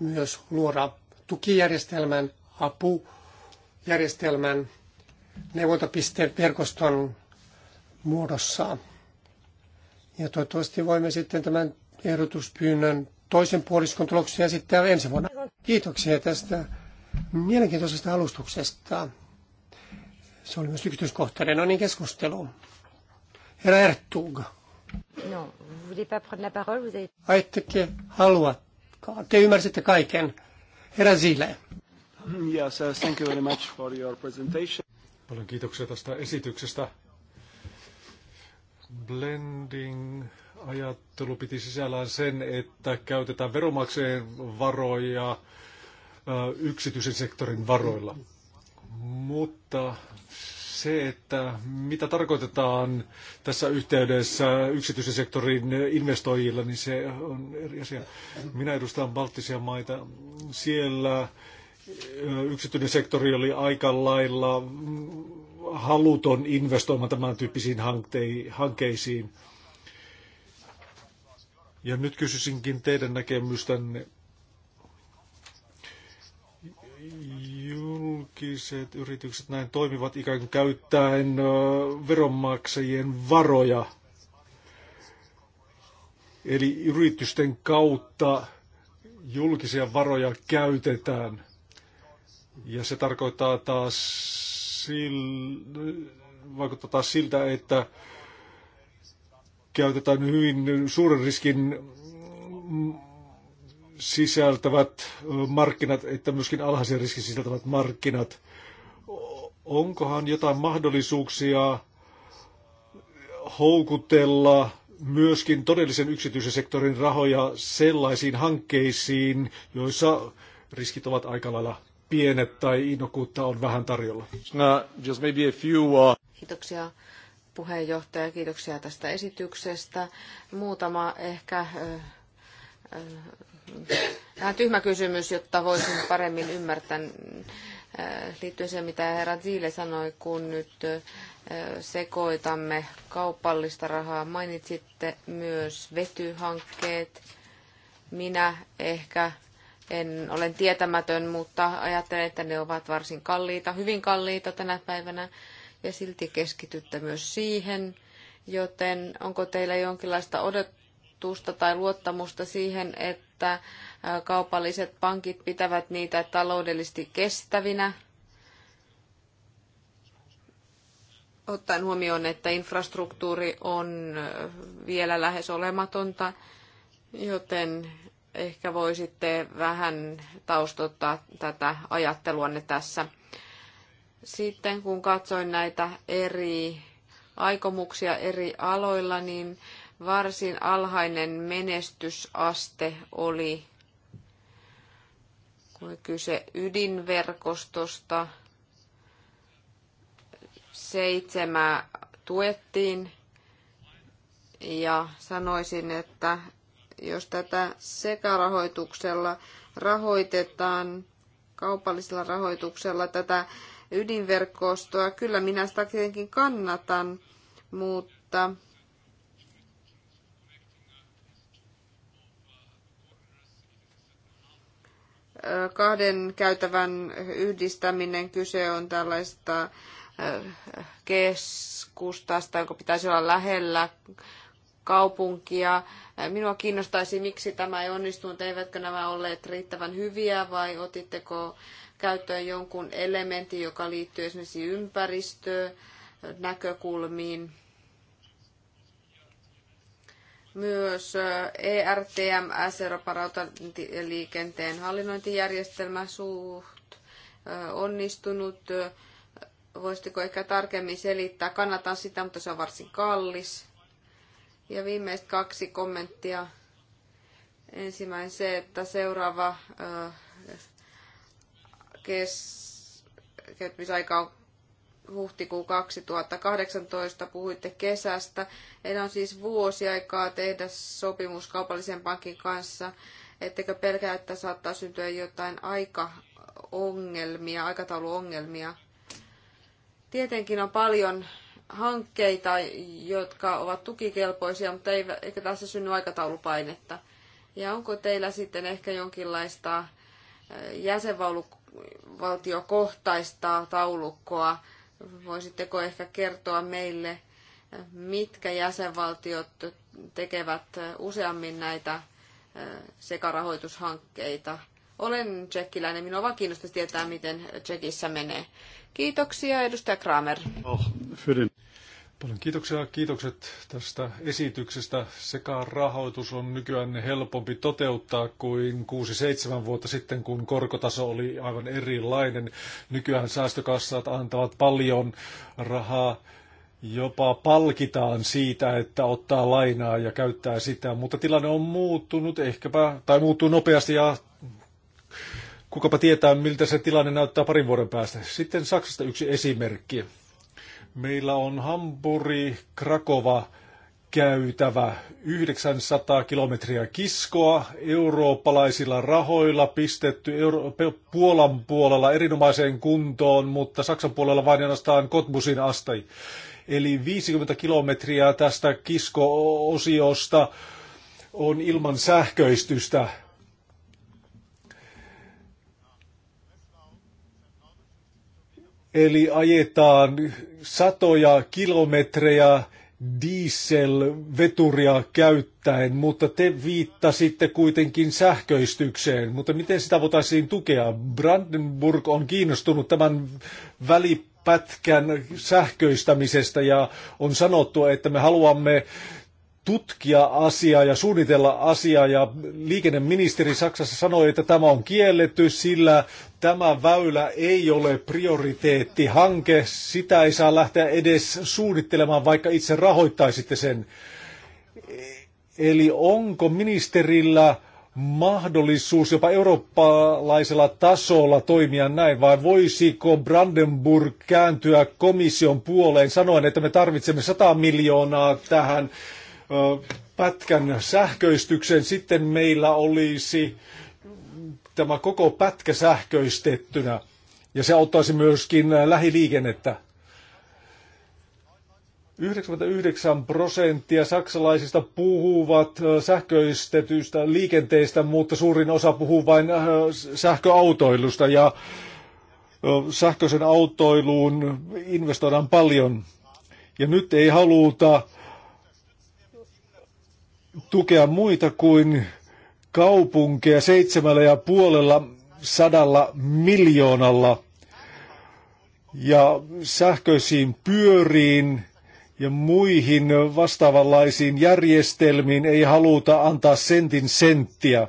myös luoda tukijärjestelmän, apujärjestelmän, neuvontapisteverkoston muodossaan. Ja toivottavasti voimme sitten tämän ehdotuspyynnön toisen puoliskon tuloksia esittää ensi vuonna. Kiitoksia tästä mielenkiintoisesta alustuksesta. Se oli myös yksityiskohtainen. No niin, keskustelu. Herra Ertug. No, Aittekin halua Te ymmärsitte kaiken. Herra Zile. Yes, uh, thank you very much for your presentation. Paljon kiitoksia tästä esityksestä blending-ajattelu piti sisällään sen, että käytetään veromaksajien varoja yksityisen sektorin varoilla. Mutta se, että mitä tarkoitetaan tässä yhteydessä yksityisen sektorin investoijilla, niin se on eri asia. Minä edustan Baltisia maita. Siellä yksityinen sektori oli aika lailla haluton investoimaan tämän tyyppisiin hankkeisiin. Ja nyt kysyisinkin teidän näkemystänne. Julkiset yritykset näin toimivat ikään kuin käyttäen veronmaksajien varoja. Eli yritysten kautta julkisia varoja käytetään. Ja se tarkoittaa taas sil, vaikuttaa taas siltä, että käytetään hyvin suuren riskin sisältävät markkinat, että myöskin alhaisen riskin sisältävät markkinat. Onkohan jotain mahdollisuuksia houkutella myöskin todellisen yksityisen sektorin rahoja sellaisiin hankkeisiin, joissa riskit ovat aika lailla pienet tai innokuutta on vähän tarjolla. No, just maybe a few, uh... Kiitoksia puheenjohtaja, kiitoksia tästä esityksestä. Muutama ehkä äh, äh, vähän tyhmä kysymys, jotta voisin paremmin ymmärtää liittyen siihen, mitä herra Ziile sanoi, kun nyt sekoitamme kaupallista rahaa. Mainitsitte myös vetyhankkeet. Minä ehkä en olen tietämätön, mutta ajattelen, että ne ovat varsin kalliita, hyvin kalliita tänä päivänä ja silti keskitytte myös siihen. Joten onko teillä jonkinlaista odotusta tai luottamusta siihen, että kaupalliset pankit pitävät niitä taloudellisesti kestävinä? Ottaen huomioon, että infrastruktuuri on vielä lähes olematonta, joten ehkä voisitte vähän taustottaa tätä ajatteluanne tässä. Sitten kun katsoin näitä eri aikomuksia eri aloilla, niin varsin alhainen menestysaste oli, kun kyse ydinverkostosta. Seitsemää tuettiin ja sanoisin, että jos tätä sekarahoituksella rahoitetaan, kaupallisella rahoituksella tätä ydinverkostoa, kyllä minä sitä tietenkin kannatan, mutta kahden käytävän yhdistäminen, kyse on tällaista äh, keskustasta, joka pitäisi olla lähellä kaupunkia. Minua kiinnostaisi, miksi tämä ei onnistunut, eivätkö nämä olleet riittävän hyviä vai otitteko käyttöön jonkun elementin, joka liittyy esimerkiksi ympäristöön, näkökulmiin. Myös ERTMS, eh, e Euroopan rautatieliikenteen hallinnointijärjestelmä, suht eh, onnistunut. Voisitko ehkä tarkemmin selittää? Kannatan sitä, mutta se on varsin kallis. Ja viimeiset kaksi kommenttia. Ensimmäinen se, että seuraava keskeytymisaika on huhtikuu 2018. Puhuitte kesästä. Meillä on siis vuosi aikaa tehdä sopimus kaupallisen pankin kanssa. Ettekö pelkää, että saattaa syntyä jotain ongelmia aikatauluongelmia? Tietenkin on paljon hankkeita, jotka ovat tukikelpoisia, mutta ei, eikä tässä synny aikataulupainetta. Ja onko teillä sitten ehkä jonkinlaista jäsenvaltiokohtaista taulukkoa? Voisitteko ehkä kertoa meille, mitkä jäsenvaltiot tekevät useammin näitä sekarahoitushankkeita? Olen tsekkiläinen, minua vaan kiinnostaisi tietää, miten Tsekissä menee. Kiitoksia, edustaja Kramer. Oh, Paljon kiitoksia. Kiitokset tästä esityksestä. Sekä rahoitus on nykyään helpompi toteuttaa kuin 6-7 vuotta sitten, kun korkotaso oli aivan erilainen. Nykyään säästökassat antavat paljon rahaa. Jopa palkitaan siitä, että ottaa lainaa ja käyttää sitä, mutta tilanne on muuttunut ehkäpä, tai muuttuu nopeasti ja kukapa tietää, miltä se tilanne näyttää parin vuoden päästä. Sitten Saksasta yksi esimerkki. Meillä on Hampuri-Krakova käytävä 900 kilometriä kiskoa eurooppalaisilla rahoilla pistetty Euro- Puolan puolella erinomaiseen kuntoon, mutta Saksan puolella vain ainoastaan Kotbusin asti. Eli 50 kilometriä tästä kisko-osiosta on ilman sähköistystä, Eli ajetaan satoja kilometrejä dieselveturia käyttäen, mutta te viittasitte kuitenkin sähköistykseen. Mutta miten sitä voitaisiin tukea? Brandenburg on kiinnostunut tämän välipätkän sähköistämisestä ja on sanottu, että me haluamme tutkia asiaa ja suunnitella asiaa ja liikenneministeri Saksassa sanoi, että tämä on kielletty, sillä tämä väylä ei ole prioriteettihanke, sitä ei saa lähteä edes suunnittelemaan, vaikka itse rahoittaisitte sen. Eli onko ministerillä mahdollisuus jopa eurooppalaisella tasolla toimia näin, vai voisiko Brandenburg kääntyä komission puoleen sanoen, että me tarvitsemme 100 miljoonaa tähän pätkän sähköistyksen, sitten meillä olisi tämä koko pätkä sähköistettynä. Ja se auttaisi myöskin lähiliikennettä. 99 prosenttia saksalaisista puhuvat sähköistetystä liikenteestä, mutta suurin osa puhuu vain sähköautoilusta ja sähköisen autoiluun investoidaan paljon. Ja nyt ei haluta tukea muita kuin kaupunkeja seitsemällä ja puolella sadalla miljoonalla ja sähköisiin pyöriin ja muihin vastaavanlaisiin järjestelmiin ei haluta antaa sentin senttiä.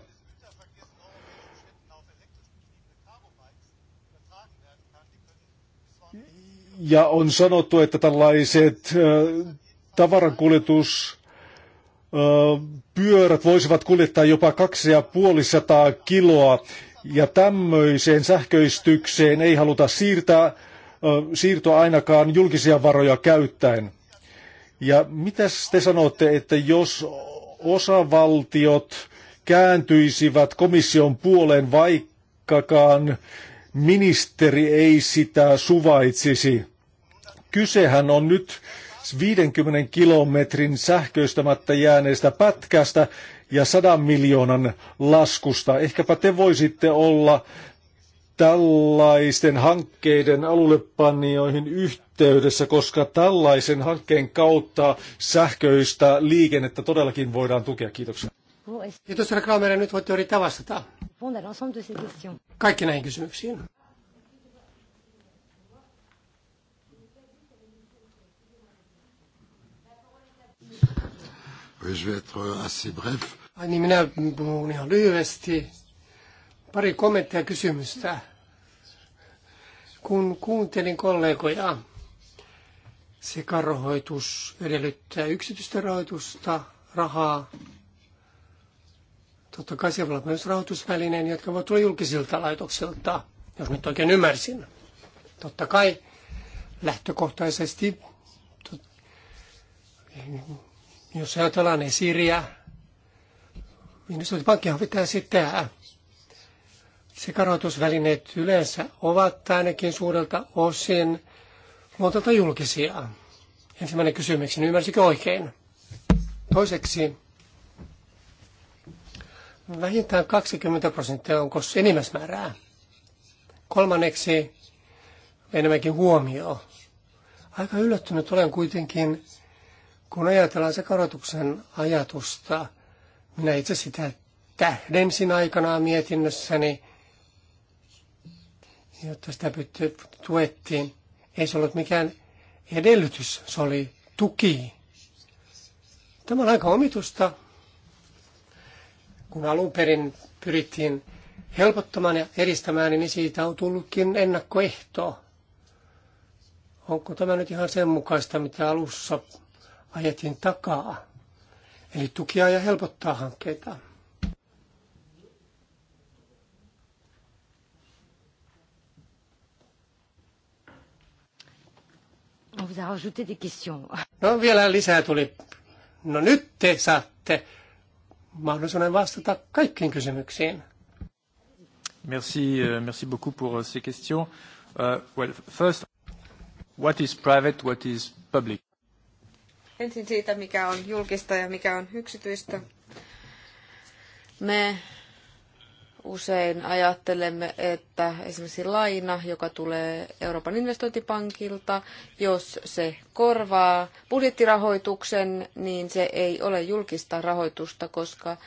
Ja on sanottu, että tällaiset tavarankuljetus pyörät voisivat kuljettaa jopa 250 kiloa, ja tämmöiseen sähköistykseen ei haluta siirtää, siirtoa ainakaan julkisia varoja käyttäen. Ja mitä te sanotte, että jos osavaltiot kääntyisivät komission puoleen, vaikkakaan ministeri ei sitä suvaitsisi? Kysehän on nyt 50 kilometrin sähköistämättä jääneestä pätkästä ja 100 miljoonan laskusta. Ehkäpä te voisitte olla tällaisten hankkeiden alullepanijoihin yhteydessä, koska tällaisen hankkeen kautta sähköistä liikennettä todellakin voidaan tukea. Kiitoksia. Kiitos, herra Kramer. Nyt voitte yrittää vastata. Kaikki näihin kysymyksiin. Je vais être euh, assez bref. Ai niin, minä puhun ihan lyhyesti. Pari kommenttia kysymystä. Kun kuuntelin kollegoja, sekarahoitus edellyttää yksityistä rahoitusta, rahaa. Totta kai siellä on myös rahoitusvälineen, jotka voivat tulla julkisilta laitoksilta, jos nyt oikein ymmärsin. Totta kai lähtökohtaisesti jos ajatellaan, niin Siriä, investointipankkihan pitää sitä. Sekaroitusvälineet yleensä ovat ainakin suurelta osin luonteelta julkisia. Ensimmäinen kysymykseni, niin ymmärsikö oikein? Toiseksi, vähintään 20 prosenttia onko enimmäismäärää. Kolmanneksi, enemmänkin huomio. Aika yllättynyt olen kuitenkin kun ajatellaan se korotuksen ajatusta, minä itse sitä tähdensin aikanaan mietinnössäni, jotta sitä tuettiin. Ei se ollut mikään edellytys, se oli tuki. Tämä on aika omitusta, kun alun perin pyrittiin helpottamaan ja edistämään, niin siitä on tullutkin ennakkoehto. Onko tämä nyt ihan sen mukaista, mitä alussa ajettiin takaa. Eli tukia ja helpottaa hankkeita. No vielä lisää tuli. No nyt te saatte mahdollisuuden vastata kaikkiin kysymyksiin. Merci, euh, merci beaucoup pour euh, ces questions. Uh, well, first, what is private, what is public? Ensin siitä, mikä on julkista ja mikä on yksityistä. Me usein ajattelemme, että esimerkiksi laina, joka tulee Euroopan investointipankilta, jos se korvaa budjettirahoituksen, niin se ei ole julkista rahoitusta, koska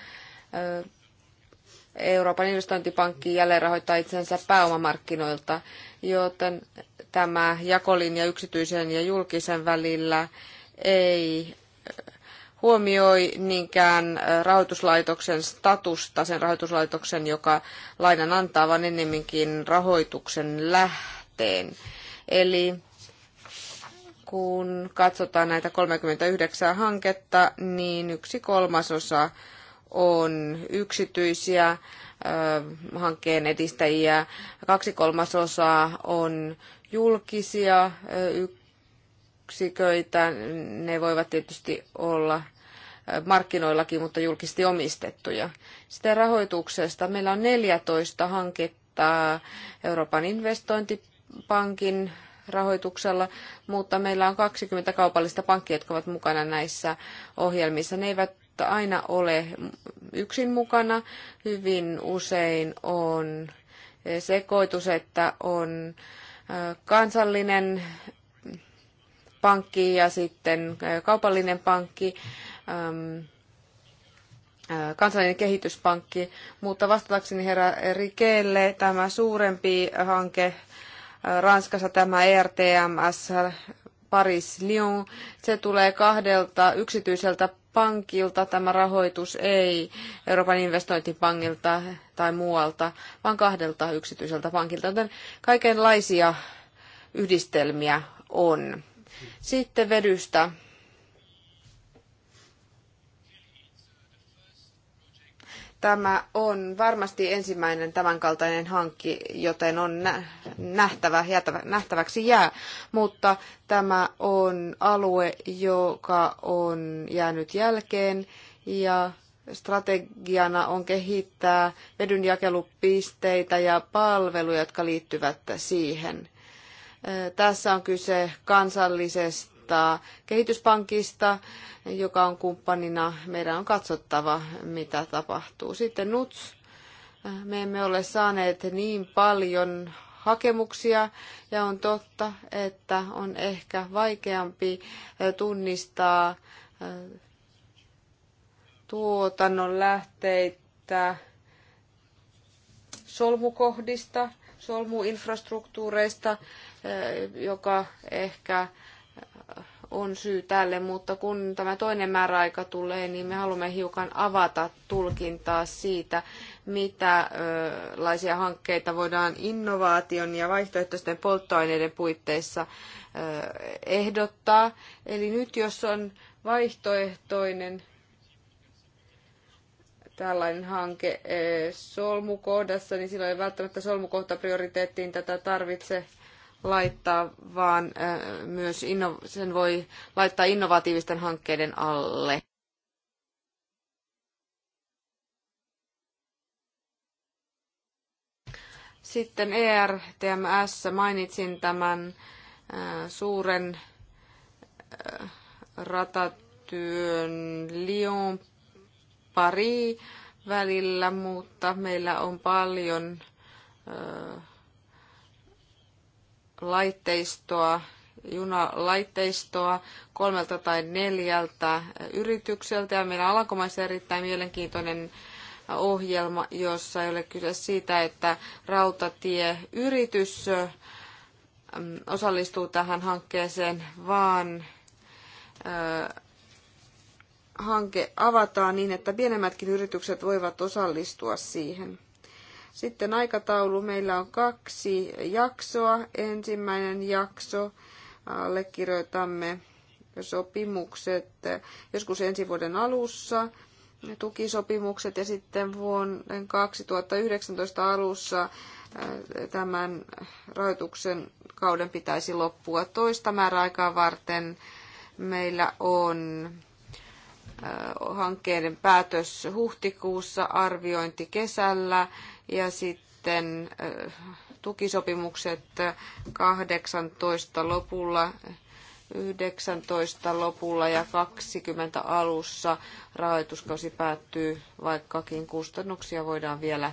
Euroopan investointipankki jälleen rahoittaa itsensä pääomamarkkinoilta, joten tämä jakolinja yksityisen ja julkisen välillä ei eh, huomioi niinkään eh, rahoituslaitoksen statusta, sen rahoituslaitoksen, joka lainan antaa, vaan ennemminkin rahoituksen lähteen. Eli kun katsotaan näitä 39 hanketta, niin yksi kolmasosa on yksityisiä eh, hankkeen edistäjiä, kaksi kolmasosaa on julkisia yksiköitä. Ne voivat tietysti olla markkinoillakin, mutta julkisesti omistettuja. Sitä rahoituksesta meillä on 14 hanketta Euroopan investointipankin rahoituksella, mutta meillä on 20 kaupallista pankkia, jotka ovat mukana näissä ohjelmissa. Ne eivät aina ole yksin mukana. Hyvin usein on sekoitus, että on kansallinen pankki ja sitten äh, kaupallinen pankki, ähm, äh, kansallinen kehityspankki. Mutta vastatakseni herra Rikelle, tämä suurempi hanke äh, Ranskassa, tämä ERTMS Paris Lyon, se tulee kahdelta yksityiseltä pankilta tämä rahoitus ei Euroopan investointipankilta tai muualta, vaan kahdelta yksityiseltä pankilta, joten kaikenlaisia yhdistelmiä on. Sitten vedystä. Tämä on varmasti ensimmäinen tämänkaltainen hankki, joten on nähtävä, jätävä, nähtäväksi jää, mutta tämä on alue, joka on jäänyt jälkeen ja strategiana on kehittää vedynjakelupisteitä ja palveluja, jotka liittyvät siihen. Tässä on kyse kansallisesta kehityspankista, joka on kumppanina. Meidän on katsottava, mitä tapahtuu. Sitten NUTS. Me emme ole saaneet niin paljon hakemuksia ja on totta, että on ehkä vaikeampi tunnistaa tuotannon lähteitä solmukohdista, solmuinfrastruktuureista joka ehkä on syy tälle, mutta kun tämä toinen määräaika tulee, niin me haluamme hiukan avata tulkintaa siitä, mitä laisia hankkeita voidaan innovaation ja vaihtoehtoisten polttoaineiden puitteissa ehdottaa. Eli nyt jos on vaihtoehtoinen tällainen hanke solmukohdassa, niin silloin ei välttämättä solmukohtaprioriteettiin tätä tarvitse laittaa, vaan myös sen voi laittaa innovatiivisten hankkeiden alle. Sitten ERTMS, mainitsin tämän suuren ratatyön Lyon Paris välillä, mutta meillä on paljon laitteistoa, junalaitteistoa kolmelta tai neljältä yritykseltä. Ja meillä on Alankomaissa erittäin mielenkiintoinen ohjelma, jossa ei ole kyse siitä, että rautatieyritys mm, osallistuu tähän hankkeeseen, vaan hanke avataan niin, että pienemmätkin yritykset voivat osallistua siihen. Sitten aikataulu. Meillä on kaksi jaksoa. Ensimmäinen jakso allekirjoitamme sopimukset joskus ensi vuoden alussa tukisopimukset ja sitten vuoden 2019 alussa tämän rahoituksen kauden pitäisi loppua toista määräaikaa varten. Meillä on hankkeiden päätös huhtikuussa, arviointi kesällä ja sitten tukisopimukset 18 lopulla, 19 lopulla ja 20 alussa rahoituskausi päättyy, vaikkakin kustannuksia voidaan vielä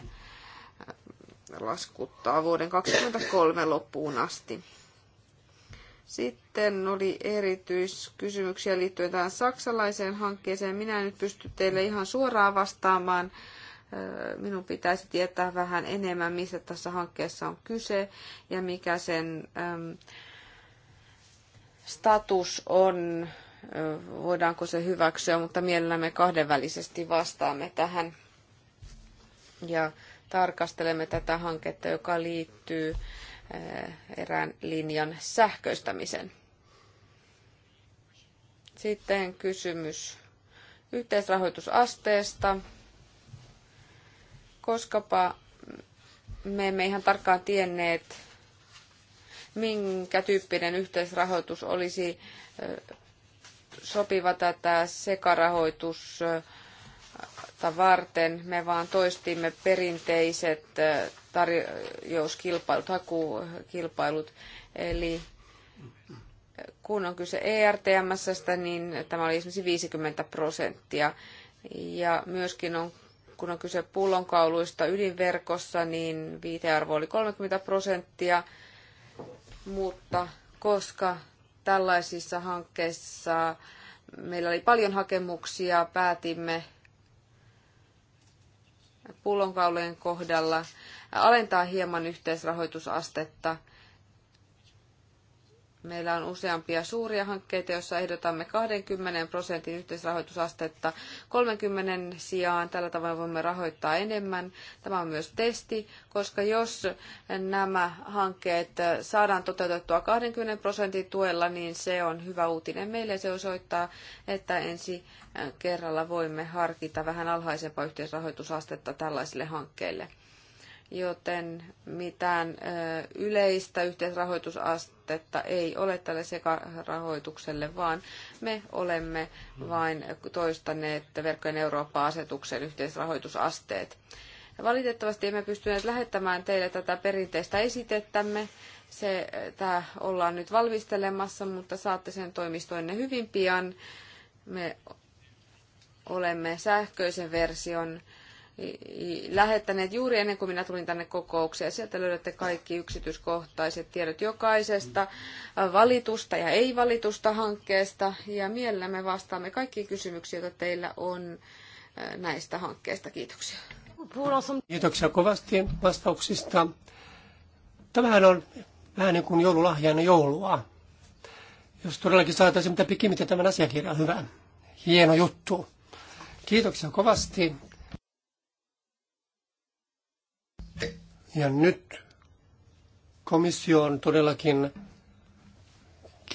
laskuttaa vuoden 2023 loppuun asti. Sitten oli erityiskysymyksiä liittyen tähän saksalaiseen hankkeeseen. Minä en nyt pysty teille ihan suoraan vastaamaan. Minun pitäisi tietää vähän enemmän, mistä tässä hankkeessa on kyse ja mikä sen status on, voidaanko se hyväksyä, mutta mielellämme kahdenvälisesti vastaamme tähän ja tarkastelemme tätä hanketta, joka liittyy Äh, erään linjan sähköistämisen. Sitten kysymys yhteisrahoitusasteesta. Koskapa me emme ihan tarkkaan tienneet, minkä tyyppinen yhteisrahoitus olisi äh, sopiva tätä sekarahoitusta varten. Me vaan toistimme perinteiset äh, tarjouskilpailut, hakukilpailut. Eli kun on kyse ERTMSstä, niin tämä oli esimerkiksi 50 prosenttia. Ja myöskin on, kun on kyse pullonkauluista ydinverkossa, niin viitearvo oli 30 prosenttia. Mutta koska tällaisissa hankkeissa meillä oli paljon hakemuksia, päätimme pullonkaulojen kohdalla alentaa hieman yhteisrahoitusastetta Meillä on useampia suuria hankkeita, joissa ehdotamme 20 prosentin yhteisrahoitusastetta 30 sijaan. Tällä tavoin voimme rahoittaa enemmän. Tämä on myös testi, koska jos nämä hankkeet saadaan toteutettua 20 prosentin tuella, niin se on hyvä uutinen meille. Se osoittaa, että ensi kerralla voimme harkita vähän alhaisempaa yhteisrahoitusastetta tällaisille hankkeille joten mitään yleistä yhteisrahoitusastetta ei ole tälle sekarahoitukselle, vaan me olemme vain toistaneet verkkojen Eurooppa-asetuksen yhteisrahoitusasteet. Valitettavasti emme pystyneet lähettämään teille tätä perinteistä esitettämme. Se tämä ollaan nyt valmistelemassa, mutta saatte sen toimistoinne hyvin pian. Me olemme sähköisen version lähettäneet juuri ennen kuin minä tulin tänne kokoukseen. Sieltä löydätte kaikki yksityiskohtaiset tiedot jokaisesta valitusta ja ei-valitusta hankkeesta. Ja mielellämme vastaamme kaikkiin kysymyksiin, joita teillä on näistä hankkeista. Kiitoksia. Kiitoksia kovasti vastauksista. Tämähän on vähän niin kuin joululahjana joulua. Jos todellakin saataisiin mitä pikimmiten tämän asiakirjan, hyvä. Hieno juttu. Kiitoksia kovasti Ja nyt komissio on todellakin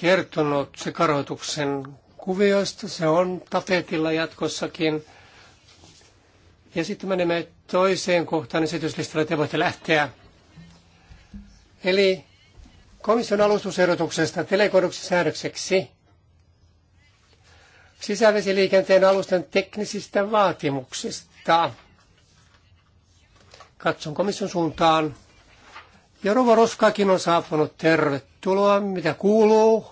kertonut se karoituksen kuvioista. Se on tapetilla jatkossakin. Ja sitten menemme toiseen kohtaan esityslistalle, Te voitte lähteä. Eli komission alustusehdotuksesta telekoduksi säädökseksi sisävesiliikenteen alusten teknisistä vaatimuksista. Katson komission suuntaan. Ja Rova Roskakin on saapunut. Tervetuloa. Mitä kuuluu?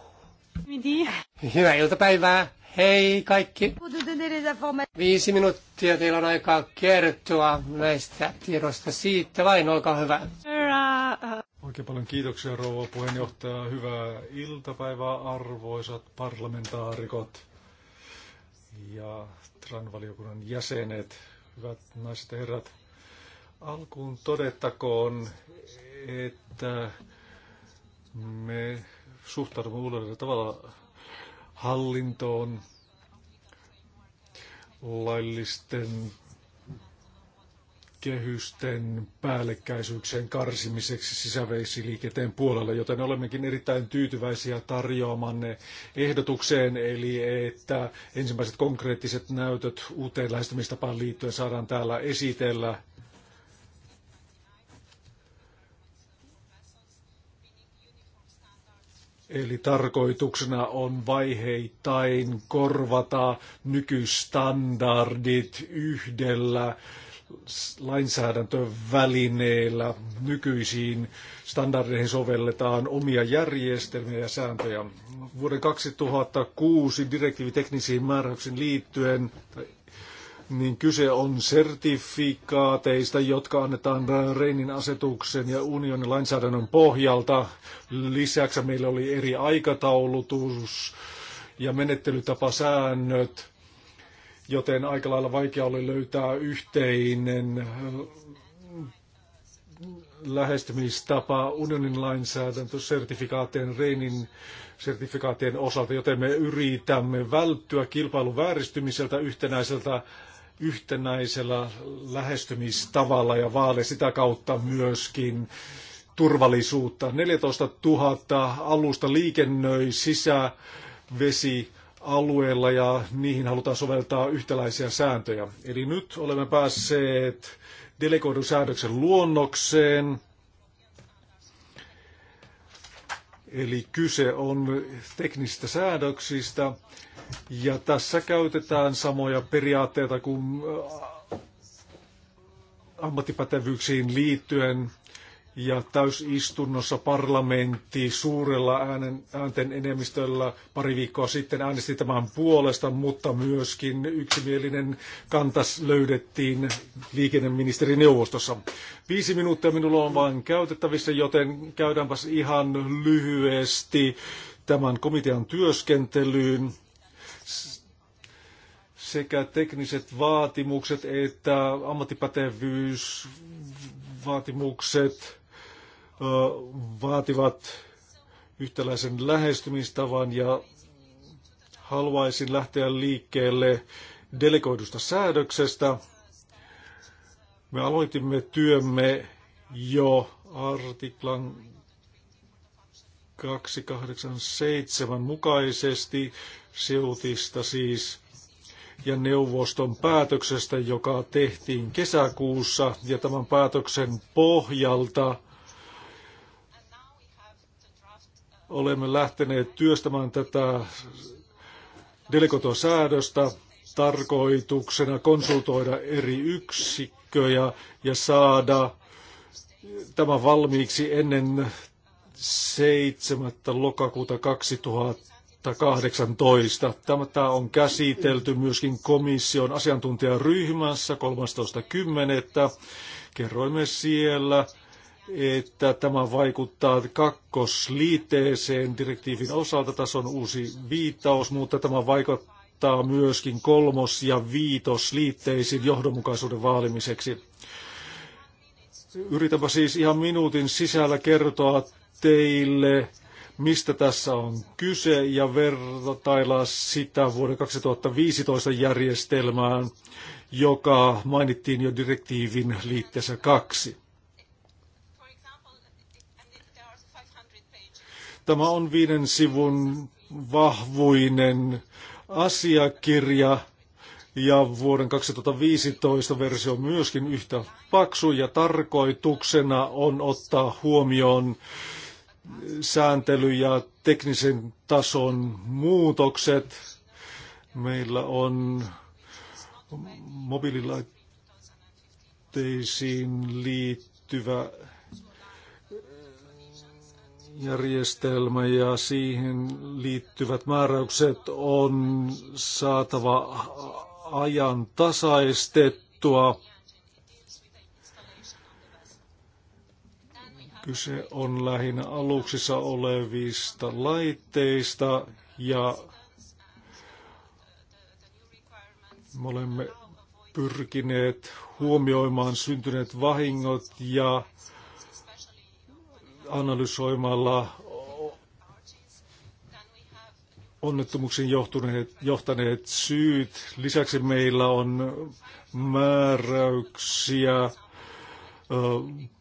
Midi. Hyvää iltapäivää. Hei kaikki. Viisi minuuttia teillä on aikaa kertoa näistä tiedosta. Siitä vain, olkaa hyvä. Oikein paljon kiitoksia rouva puheenjohtaja. Hyvää iltapäivää arvoisat parlamentaarikot ja TRAN-valiokunnan jäsenet. Hyvät naiset ja herrat. Alkuun todettakoon, että me suhtaudumme uudella tavalla hallintoon laillisten kehysten päällekkäisyyksien karsimiseksi sisäveisiliikenteen puolella, joten olemmekin erittäin tyytyväisiä tarjoamanne ehdotukseen, eli että ensimmäiset konkreettiset näytöt uuteen lähestymistapaan liittyen saadaan täällä esitellä Eli tarkoituksena on vaiheittain korvata nykystandardit yhdellä lainsäädäntövälineellä. Nykyisiin standardeihin sovelletaan omia järjestelmiä ja sääntöjä. Vuoden 2006 direktiivi teknisiin määräyksiin liittyen, tai niin kyse on sertifikaateista, jotka annetaan Reinin asetuksen ja unionin lainsäädännön pohjalta. Lisäksi meillä oli eri aikataulutus ja menettelytapasäännöt, joten aika lailla vaikea oli löytää yhteinen lähestymistapa unionin sertifikaateen Reinin sertifikaatien osalta, joten me yritämme välttyä kilpailun vääristymiseltä yhtenäiseltä yhtenäisellä lähestymistavalla ja vaale sitä kautta myöskin turvallisuutta. 14 000 alusta liikennöi sisävesi alueella ja niihin halutaan soveltaa yhtäläisiä sääntöjä. Eli nyt olemme päässeet delegoidun säädöksen luonnokseen. Eli kyse on teknistä säädöksistä ja tässä käytetään samoja periaatteita kuin äh, ammattipätevyyksiin liittyen ja täysistunnossa parlamentti suurella äänen, äänten enemmistöllä pari viikkoa sitten äänesti tämän puolesta, mutta myöskin yksimielinen kantas löydettiin liikenneministerineuvostossa. Viisi minuuttia minulla on vain käytettävissä, joten käydäänpäs ihan lyhyesti tämän komitean työskentelyyn sekä tekniset vaatimukset että ammattipätevyysvaatimukset vaativat yhtäläisen lähestymistavan ja haluaisin lähteä liikkeelle delegoidusta säädöksestä. Me aloitimme työmme jo artiklan 287 mukaisesti seutista siis ja neuvoston päätöksestä, joka tehtiin kesäkuussa ja tämän päätöksen pohjalta Olemme lähteneet työstämään tätä delegoitua säädöstä tarkoituksena konsultoida eri yksikköjä ja saada tämä valmiiksi ennen 7. lokakuuta 2018. Tämä on käsitelty myöskin komission asiantuntijaryhmässä 13.10. Kerroimme siellä että tämä vaikuttaa kakkosliitteeseen direktiivin osalta. Tässä on uusi viittaus, mutta tämä vaikuttaa myöskin kolmos- ja viitosliitteisiin johdonmukaisuuden vaalimiseksi. Yritänpä siis ihan minuutin sisällä kertoa teille, mistä tässä on kyse ja vertailla sitä vuoden 2015 järjestelmään, joka mainittiin jo direktiivin liitteessä kaksi. Tämä on viiden sivun vahvuinen asiakirja ja vuoden 2015 versio on myöskin yhtä paksu ja tarkoituksena on ottaa huomioon sääntely ja teknisen tason muutokset. Meillä on mobiililaitteisiin liittyvä järjestelmä ja siihen liittyvät määräykset on saatava ajan tasaistettua. Kyse on lähinnä aluksissa olevista laitteista ja me olemme pyrkineet huomioimaan syntyneet vahingot ja analysoimalla onnettomuuksiin johtuneet, johtaneet syyt. Lisäksi meillä on määräyksiä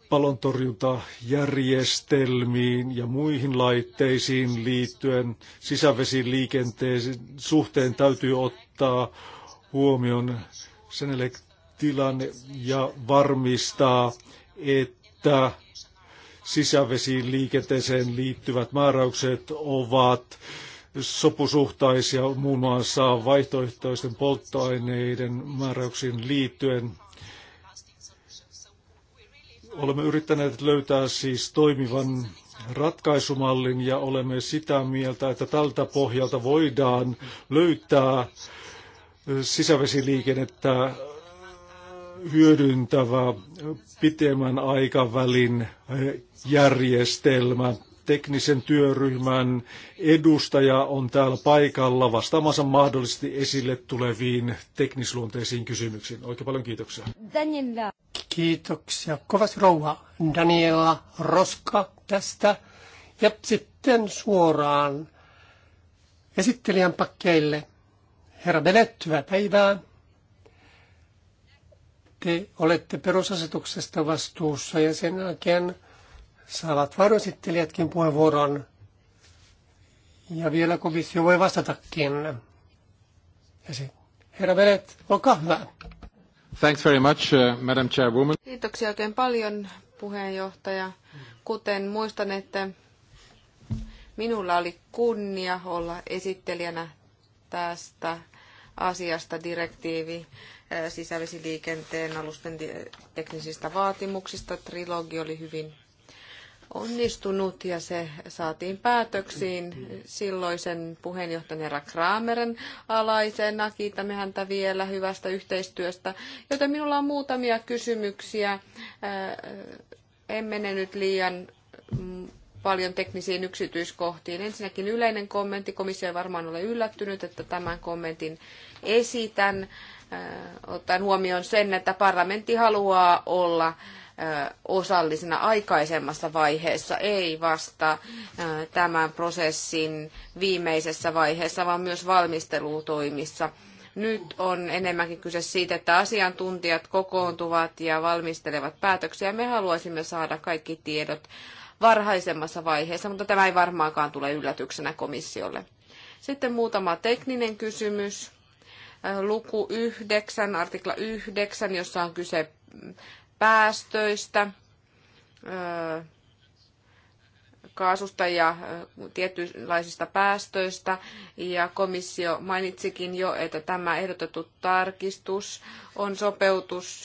palontorjuntajärjestelmiin ja muihin laitteisiin liittyen sisävesiliikenteen suhteen täytyy ottaa huomioon sen tilanne ja varmistaa, että sisävesiin liikenteeseen liittyvät määräykset ovat sopusuhtaisia muun muassa vaihtoehtoisten polttoaineiden määräyksiin liittyen. Olemme yrittäneet löytää siis toimivan ratkaisumallin ja olemme sitä mieltä, että tältä pohjalta voidaan löytää sisävesiliikennettä hyödyntävä pitemmän aikavälin eh, järjestelmä. Teknisen työryhmän edustaja on täällä paikalla vastaamassa mahdollisesti esille tuleviin teknisluonteisiin kysymyksiin. Oikein paljon kiitoksia. Daniela. Kiitoksia. Kovas rouha Daniela Roska tästä. Ja sitten suoraan esittelijän pakkeille. Herra Belet, hyvää päivää te olette perusasetuksesta vastuussa ja sen jälkeen saavat varoesittelijätkin puheenvuoron. Ja vielä komissio voi vastatakin. Ja se, herra Velet, olkaa hyvä. Thanks very much, uh, Madam Chairwoman. Kiitoksia oikein paljon, puheenjohtaja. Kuten muistan, että minulla oli kunnia olla esittelijänä tästä asiasta direktiivi sisävesiliikenteen alusten teknisistä vaatimuksista. Trilogi oli hyvin onnistunut ja se saatiin päätöksiin silloisen puheenjohtajan herra Krameren alaisena. Kiitämme häntä vielä hyvästä yhteistyöstä, joten minulla on muutamia kysymyksiä. En mene nyt liian paljon teknisiin yksityiskohtiin. Ensinnäkin yleinen kommentti. Komissio ei varmaan ole yllättynyt, että tämän kommentin esitän ottaen huomioon sen, että parlamentti haluaa olla osallisena aikaisemmassa vaiheessa, ei vasta tämän prosessin viimeisessä vaiheessa, vaan myös valmistelutoimissa. Nyt on enemmänkin kyse siitä, että asiantuntijat kokoontuvat ja valmistelevat päätöksiä. Me haluaisimme saada kaikki tiedot varhaisemmassa vaiheessa, mutta tämä ei varmaankaan tule yllätyksenä komissiolle. Sitten muutama tekninen kysymys luku 9, artikla 9, jossa on kyse päästöistä, kaasusta ja tietynlaisista päästöistä. Ja komissio mainitsikin jo, että tämä ehdotettu tarkistus on sopeutus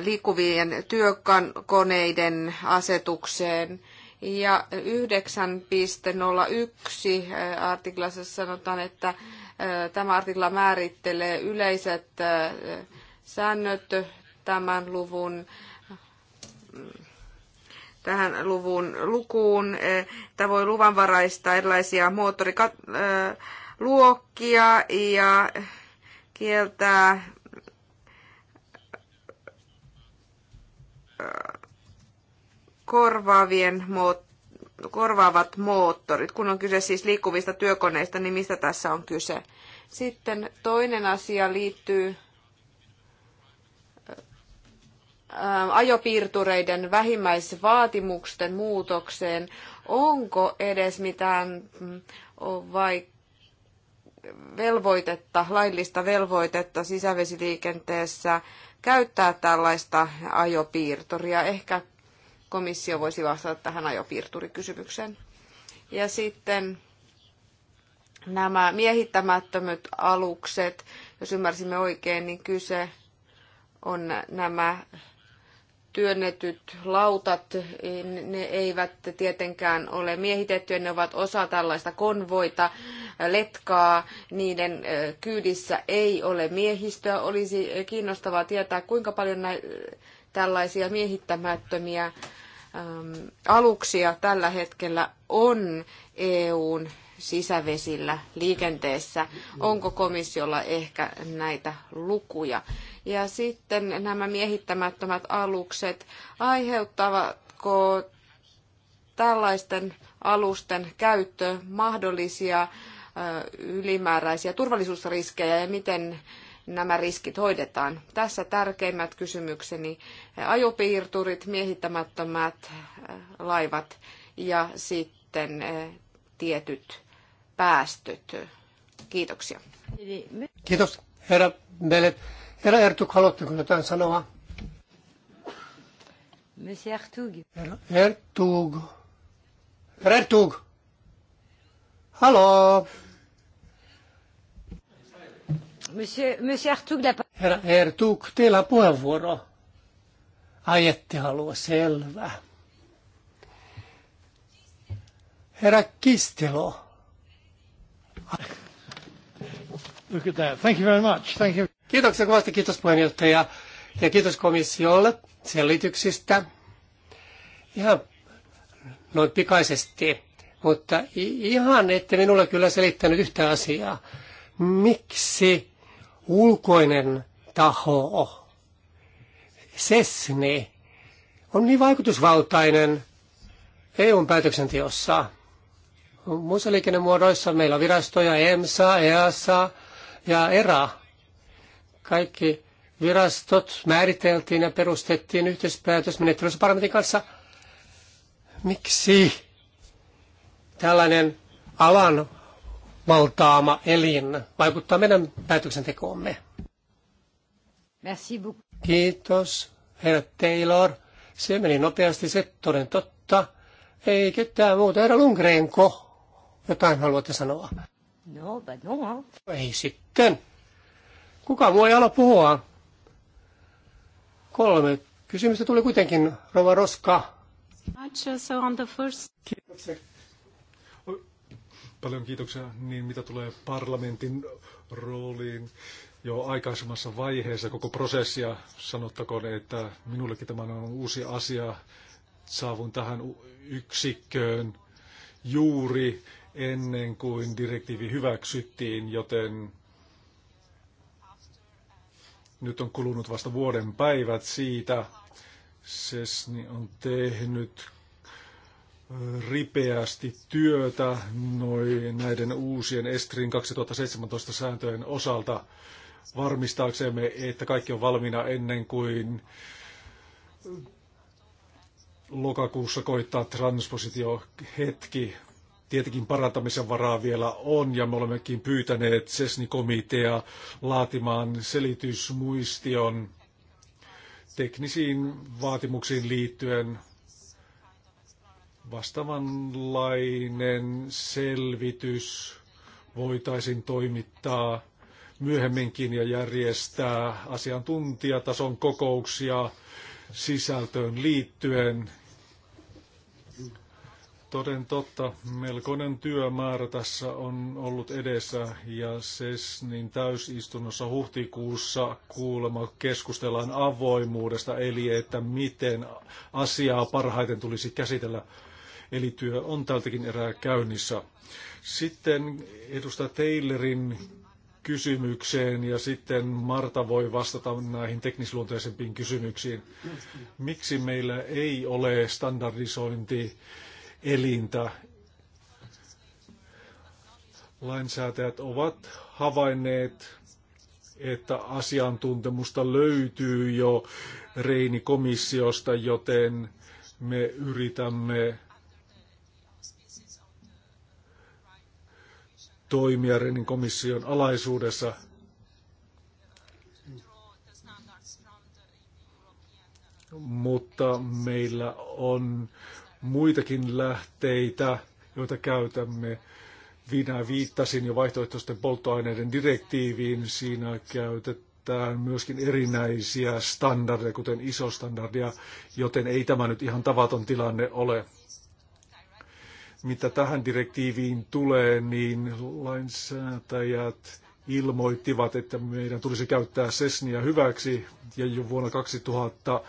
liikkuvien työkoneiden asetukseen – ja 9.01 äh, artiklassa sanotaan, että äh, tämä artikla määrittelee yleiset äh, säännöt tämän luvun mm, tähän luvun lukuun. Tämä voi luvanvaraista erilaisia moottoriluokkia ja kieltää korvaavien moottorien korvaavat moottorit. Kun on kyse siis liikkuvista työkoneista, niin mistä tässä on kyse? Sitten toinen asia liittyy äh, ajopiirtureiden vähimmäisvaatimusten muutokseen. Onko edes mitään mm, vai velvoitetta, laillista velvoitetta sisävesiliikenteessä käyttää tällaista ajopiirturia? Ehkä komissio voisi vastata tähän ajopiirturikysymykseen. Ja sitten nämä miehittämättömät alukset, jos ymmärsimme oikein, niin kyse on nämä työnnetyt lautat, ne eivät tietenkään ole miehitettyjä, ne ovat osa tällaista konvoita, letkaa, niiden kyydissä ei ole miehistöä. Olisi kiinnostavaa tietää, kuinka paljon näitä tällaisia miehittämättömiä äm, aluksia tällä hetkellä on EUn sisävesillä liikenteessä. Onko komissiolla ehkä näitä lukuja? Ja sitten nämä miehittämättömät alukset aiheuttavatko tällaisten alusten käyttö mahdollisia ylimääräisiä turvallisuusriskejä ja miten nämä riskit hoidetaan. Tässä tärkeimmät kysymykseni. Ajopiirturit, miehittämättömät äh, laivat ja sitten äh, tietyt päästöt. Kiitoksia. Kiitos herra Belet. Herra Ertug, haluatteko jotain sanoa? Monsieur Ertug. Herra Ertug. Herra Ertug. Haloo. Monsieur, monsieur Artug, la... Herra Ertug, teillä puheenvuoro. Ai halua, selvä. Herra Kistelo. Look at that. Thank you very much. Thank you. Kiitoksia kovasti, kiitos puheenjohtaja ja kiitos komissiolle selityksistä. Ihan noin pikaisesti, mutta ihan ette minulle kyllä selittänyt yhtä asiaa. Miksi ulkoinen taho, SESNE, on niin vaikutusvaltainen EUn päätöksenteossa. Muissa liikennemuodoissa meillä on virastoja EMSA, EASA ja ERA. Kaikki virastot määriteltiin ja perustettiin yhteispäätösmenettelyssä parlamentin kanssa. Miksi tällainen alan valtaama elin vaikuttaa meidän päätöksentekoomme. Merci beaucoup. Kiitos, herra Taylor. Se meni nopeasti, se toden totta. Ei ketään muuta. Herra Lundgrenko, jotain haluatte sanoa? No, but no. Ei sitten. Kuka voi ala puhua? Kolme kysymystä tuli kuitenkin, Rova Roska. Uh, Kiitoksia. Paljon kiitoksia. Niin mitä tulee parlamentin rooliin jo aikaisemmassa vaiheessa koko prosessia, sanottakoon, että minullekin tämä on uusi asia. Saavun tähän yksikköön juuri ennen kuin direktiivi hyväksyttiin, joten nyt on kulunut vasta vuoden päivät siitä. Sesni on tehnyt ripeästi työtä noin näiden uusien Estrin 2017 sääntöjen osalta varmistaaksemme, että kaikki on valmiina ennen kuin lokakuussa koittaa transpositiohetki. Tietenkin parantamisen varaa vielä on ja me olemmekin pyytäneet SESNI-komitea laatimaan selitysmuistion teknisiin vaatimuksiin liittyen Vastavanlainen selvitys voitaisiin toimittaa myöhemminkin ja järjestää asiantuntijatason kokouksia sisältöön liittyen. Toden totta, melkoinen työmäärä tässä on ollut edessä ja SESNin täysistunnossa huhtikuussa kuulemma keskustellaan avoimuudesta, eli että miten asiaa parhaiten tulisi käsitellä Eli työ on tältäkin erää käynnissä. Sitten edustaja Taylorin kysymykseen ja sitten Marta voi vastata näihin teknisluonteisempiin kysymyksiin. Miksi meillä ei ole standardisointi elintä? Lainsäätäjät ovat havainneet, että asiantuntemusta löytyy jo Reini komissiosta, joten me yritämme toimia Renin komission alaisuudessa. Mutta meillä on muitakin lähteitä, joita käytämme. Minä viittasin jo vaihtoehtoisten polttoaineiden direktiiviin. Siinä käytetään myöskin erinäisiä standardeja, kuten isostandardia, joten ei tämä nyt ihan tavaton tilanne ole. Mitä tähän direktiiviin tulee, niin lainsäätäjät ilmoittivat, että meidän tulisi käyttää sesniä hyväksi ja jo vuonna 2000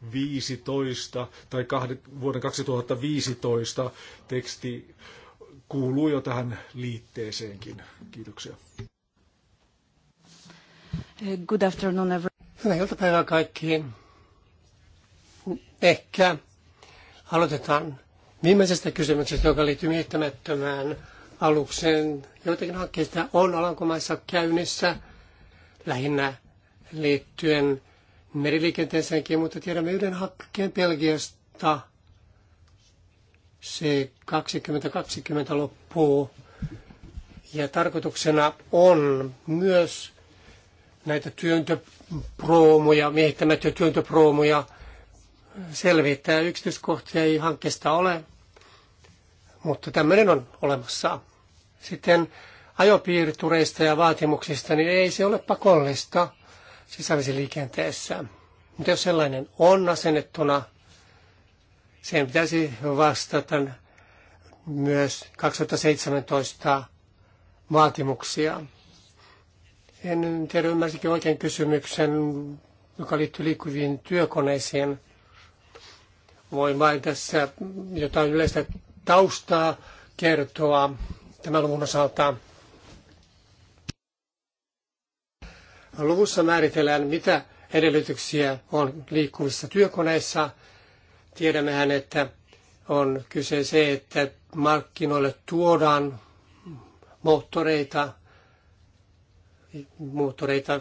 2015 tai kahde, vuoden 2015 teksti kuuluu jo tähän liitteeseenkin. Kiitoksia. Good afternoon everyone. Hyvää iltapäivää kaikkiin. Ehkä aloitetaan viimeisestä kysymyksestä, joka liittyy miehittämättömään alukseen. Joitakin hankkeista on Alankomaissa käynnissä, lähinnä liittyen meriliikenteeseenkin, mutta tiedämme yhden hankkeen Belgiasta. Se 2020 loppuu. Ja tarkoituksena on myös näitä työntöproomuja, miehittämättömiä työntöproomuja selvittää. Yksityiskohtia ei hankkeesta ole, mutta tämmöinen on olemassa. Sitten ajopiirtureista ja vaatimuksista, niin ei se ole pakollista sisävesiliikenteessä. Mutta jos sellainen on asennettuna, sen pitäisi vastata myös 2017 vaatimuksia. En tiedä, ymmärsikin oikein kysymyksen, joka liittyy liikkuviin työkoneisiin. Voin vain tässä jotain yleistä taustaa kertoa tämän luvun osalta. Luvussa määritellään, mitä edellytyksiä on liikkuvissa työkoneissa. Tiedämmehän, että on kyse se, että markkinoille tuodaan moottoreita, moottoreita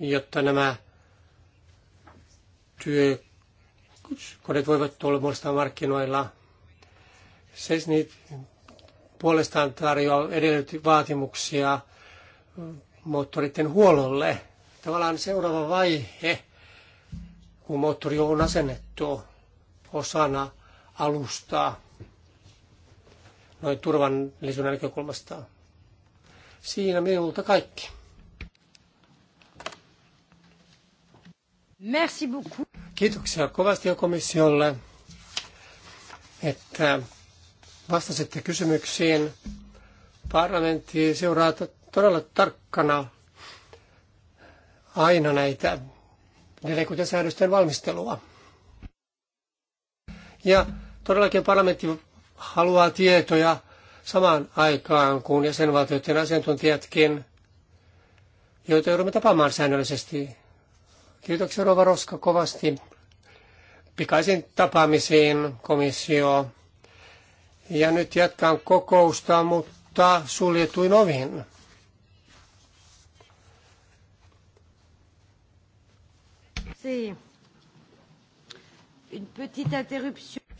jotta nämä työkoneet voivat olla muista markkinoilla – SESNI puolestaan tarjoaa edellytti vaatimuksia moottoritten huollolle. Tavallaan seuraava vaihe, kun moottori on asennettu osana alustaa noin turvallisuuden näkökulmasta. Siinä minulta kaikki. Merci beaucoup. Kiitoksia kovasti jo komissiolle, että vastasitte kysymyksiin. Parlamentti seuraa todella tarkkana aina näitä delegointisäädösten valmistelua. Ja todellakin parlamentti haluaa tietoja samaan aikaan kuin jäsenvaltioiden asiantuntijatkin, joita joudumme tapaamaan säännöllisesti. Kiitoksia Rova Roska kovasti. Pikaisin tapaamisiin komissio ja nyt jatkan kokousta, mutta suljetuin ovin.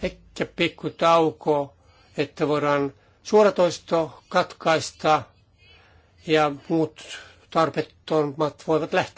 Ehkä pikku tauko, että voidaan suoratoisto katkaista ja muut tarpeettomat voivat lähteä.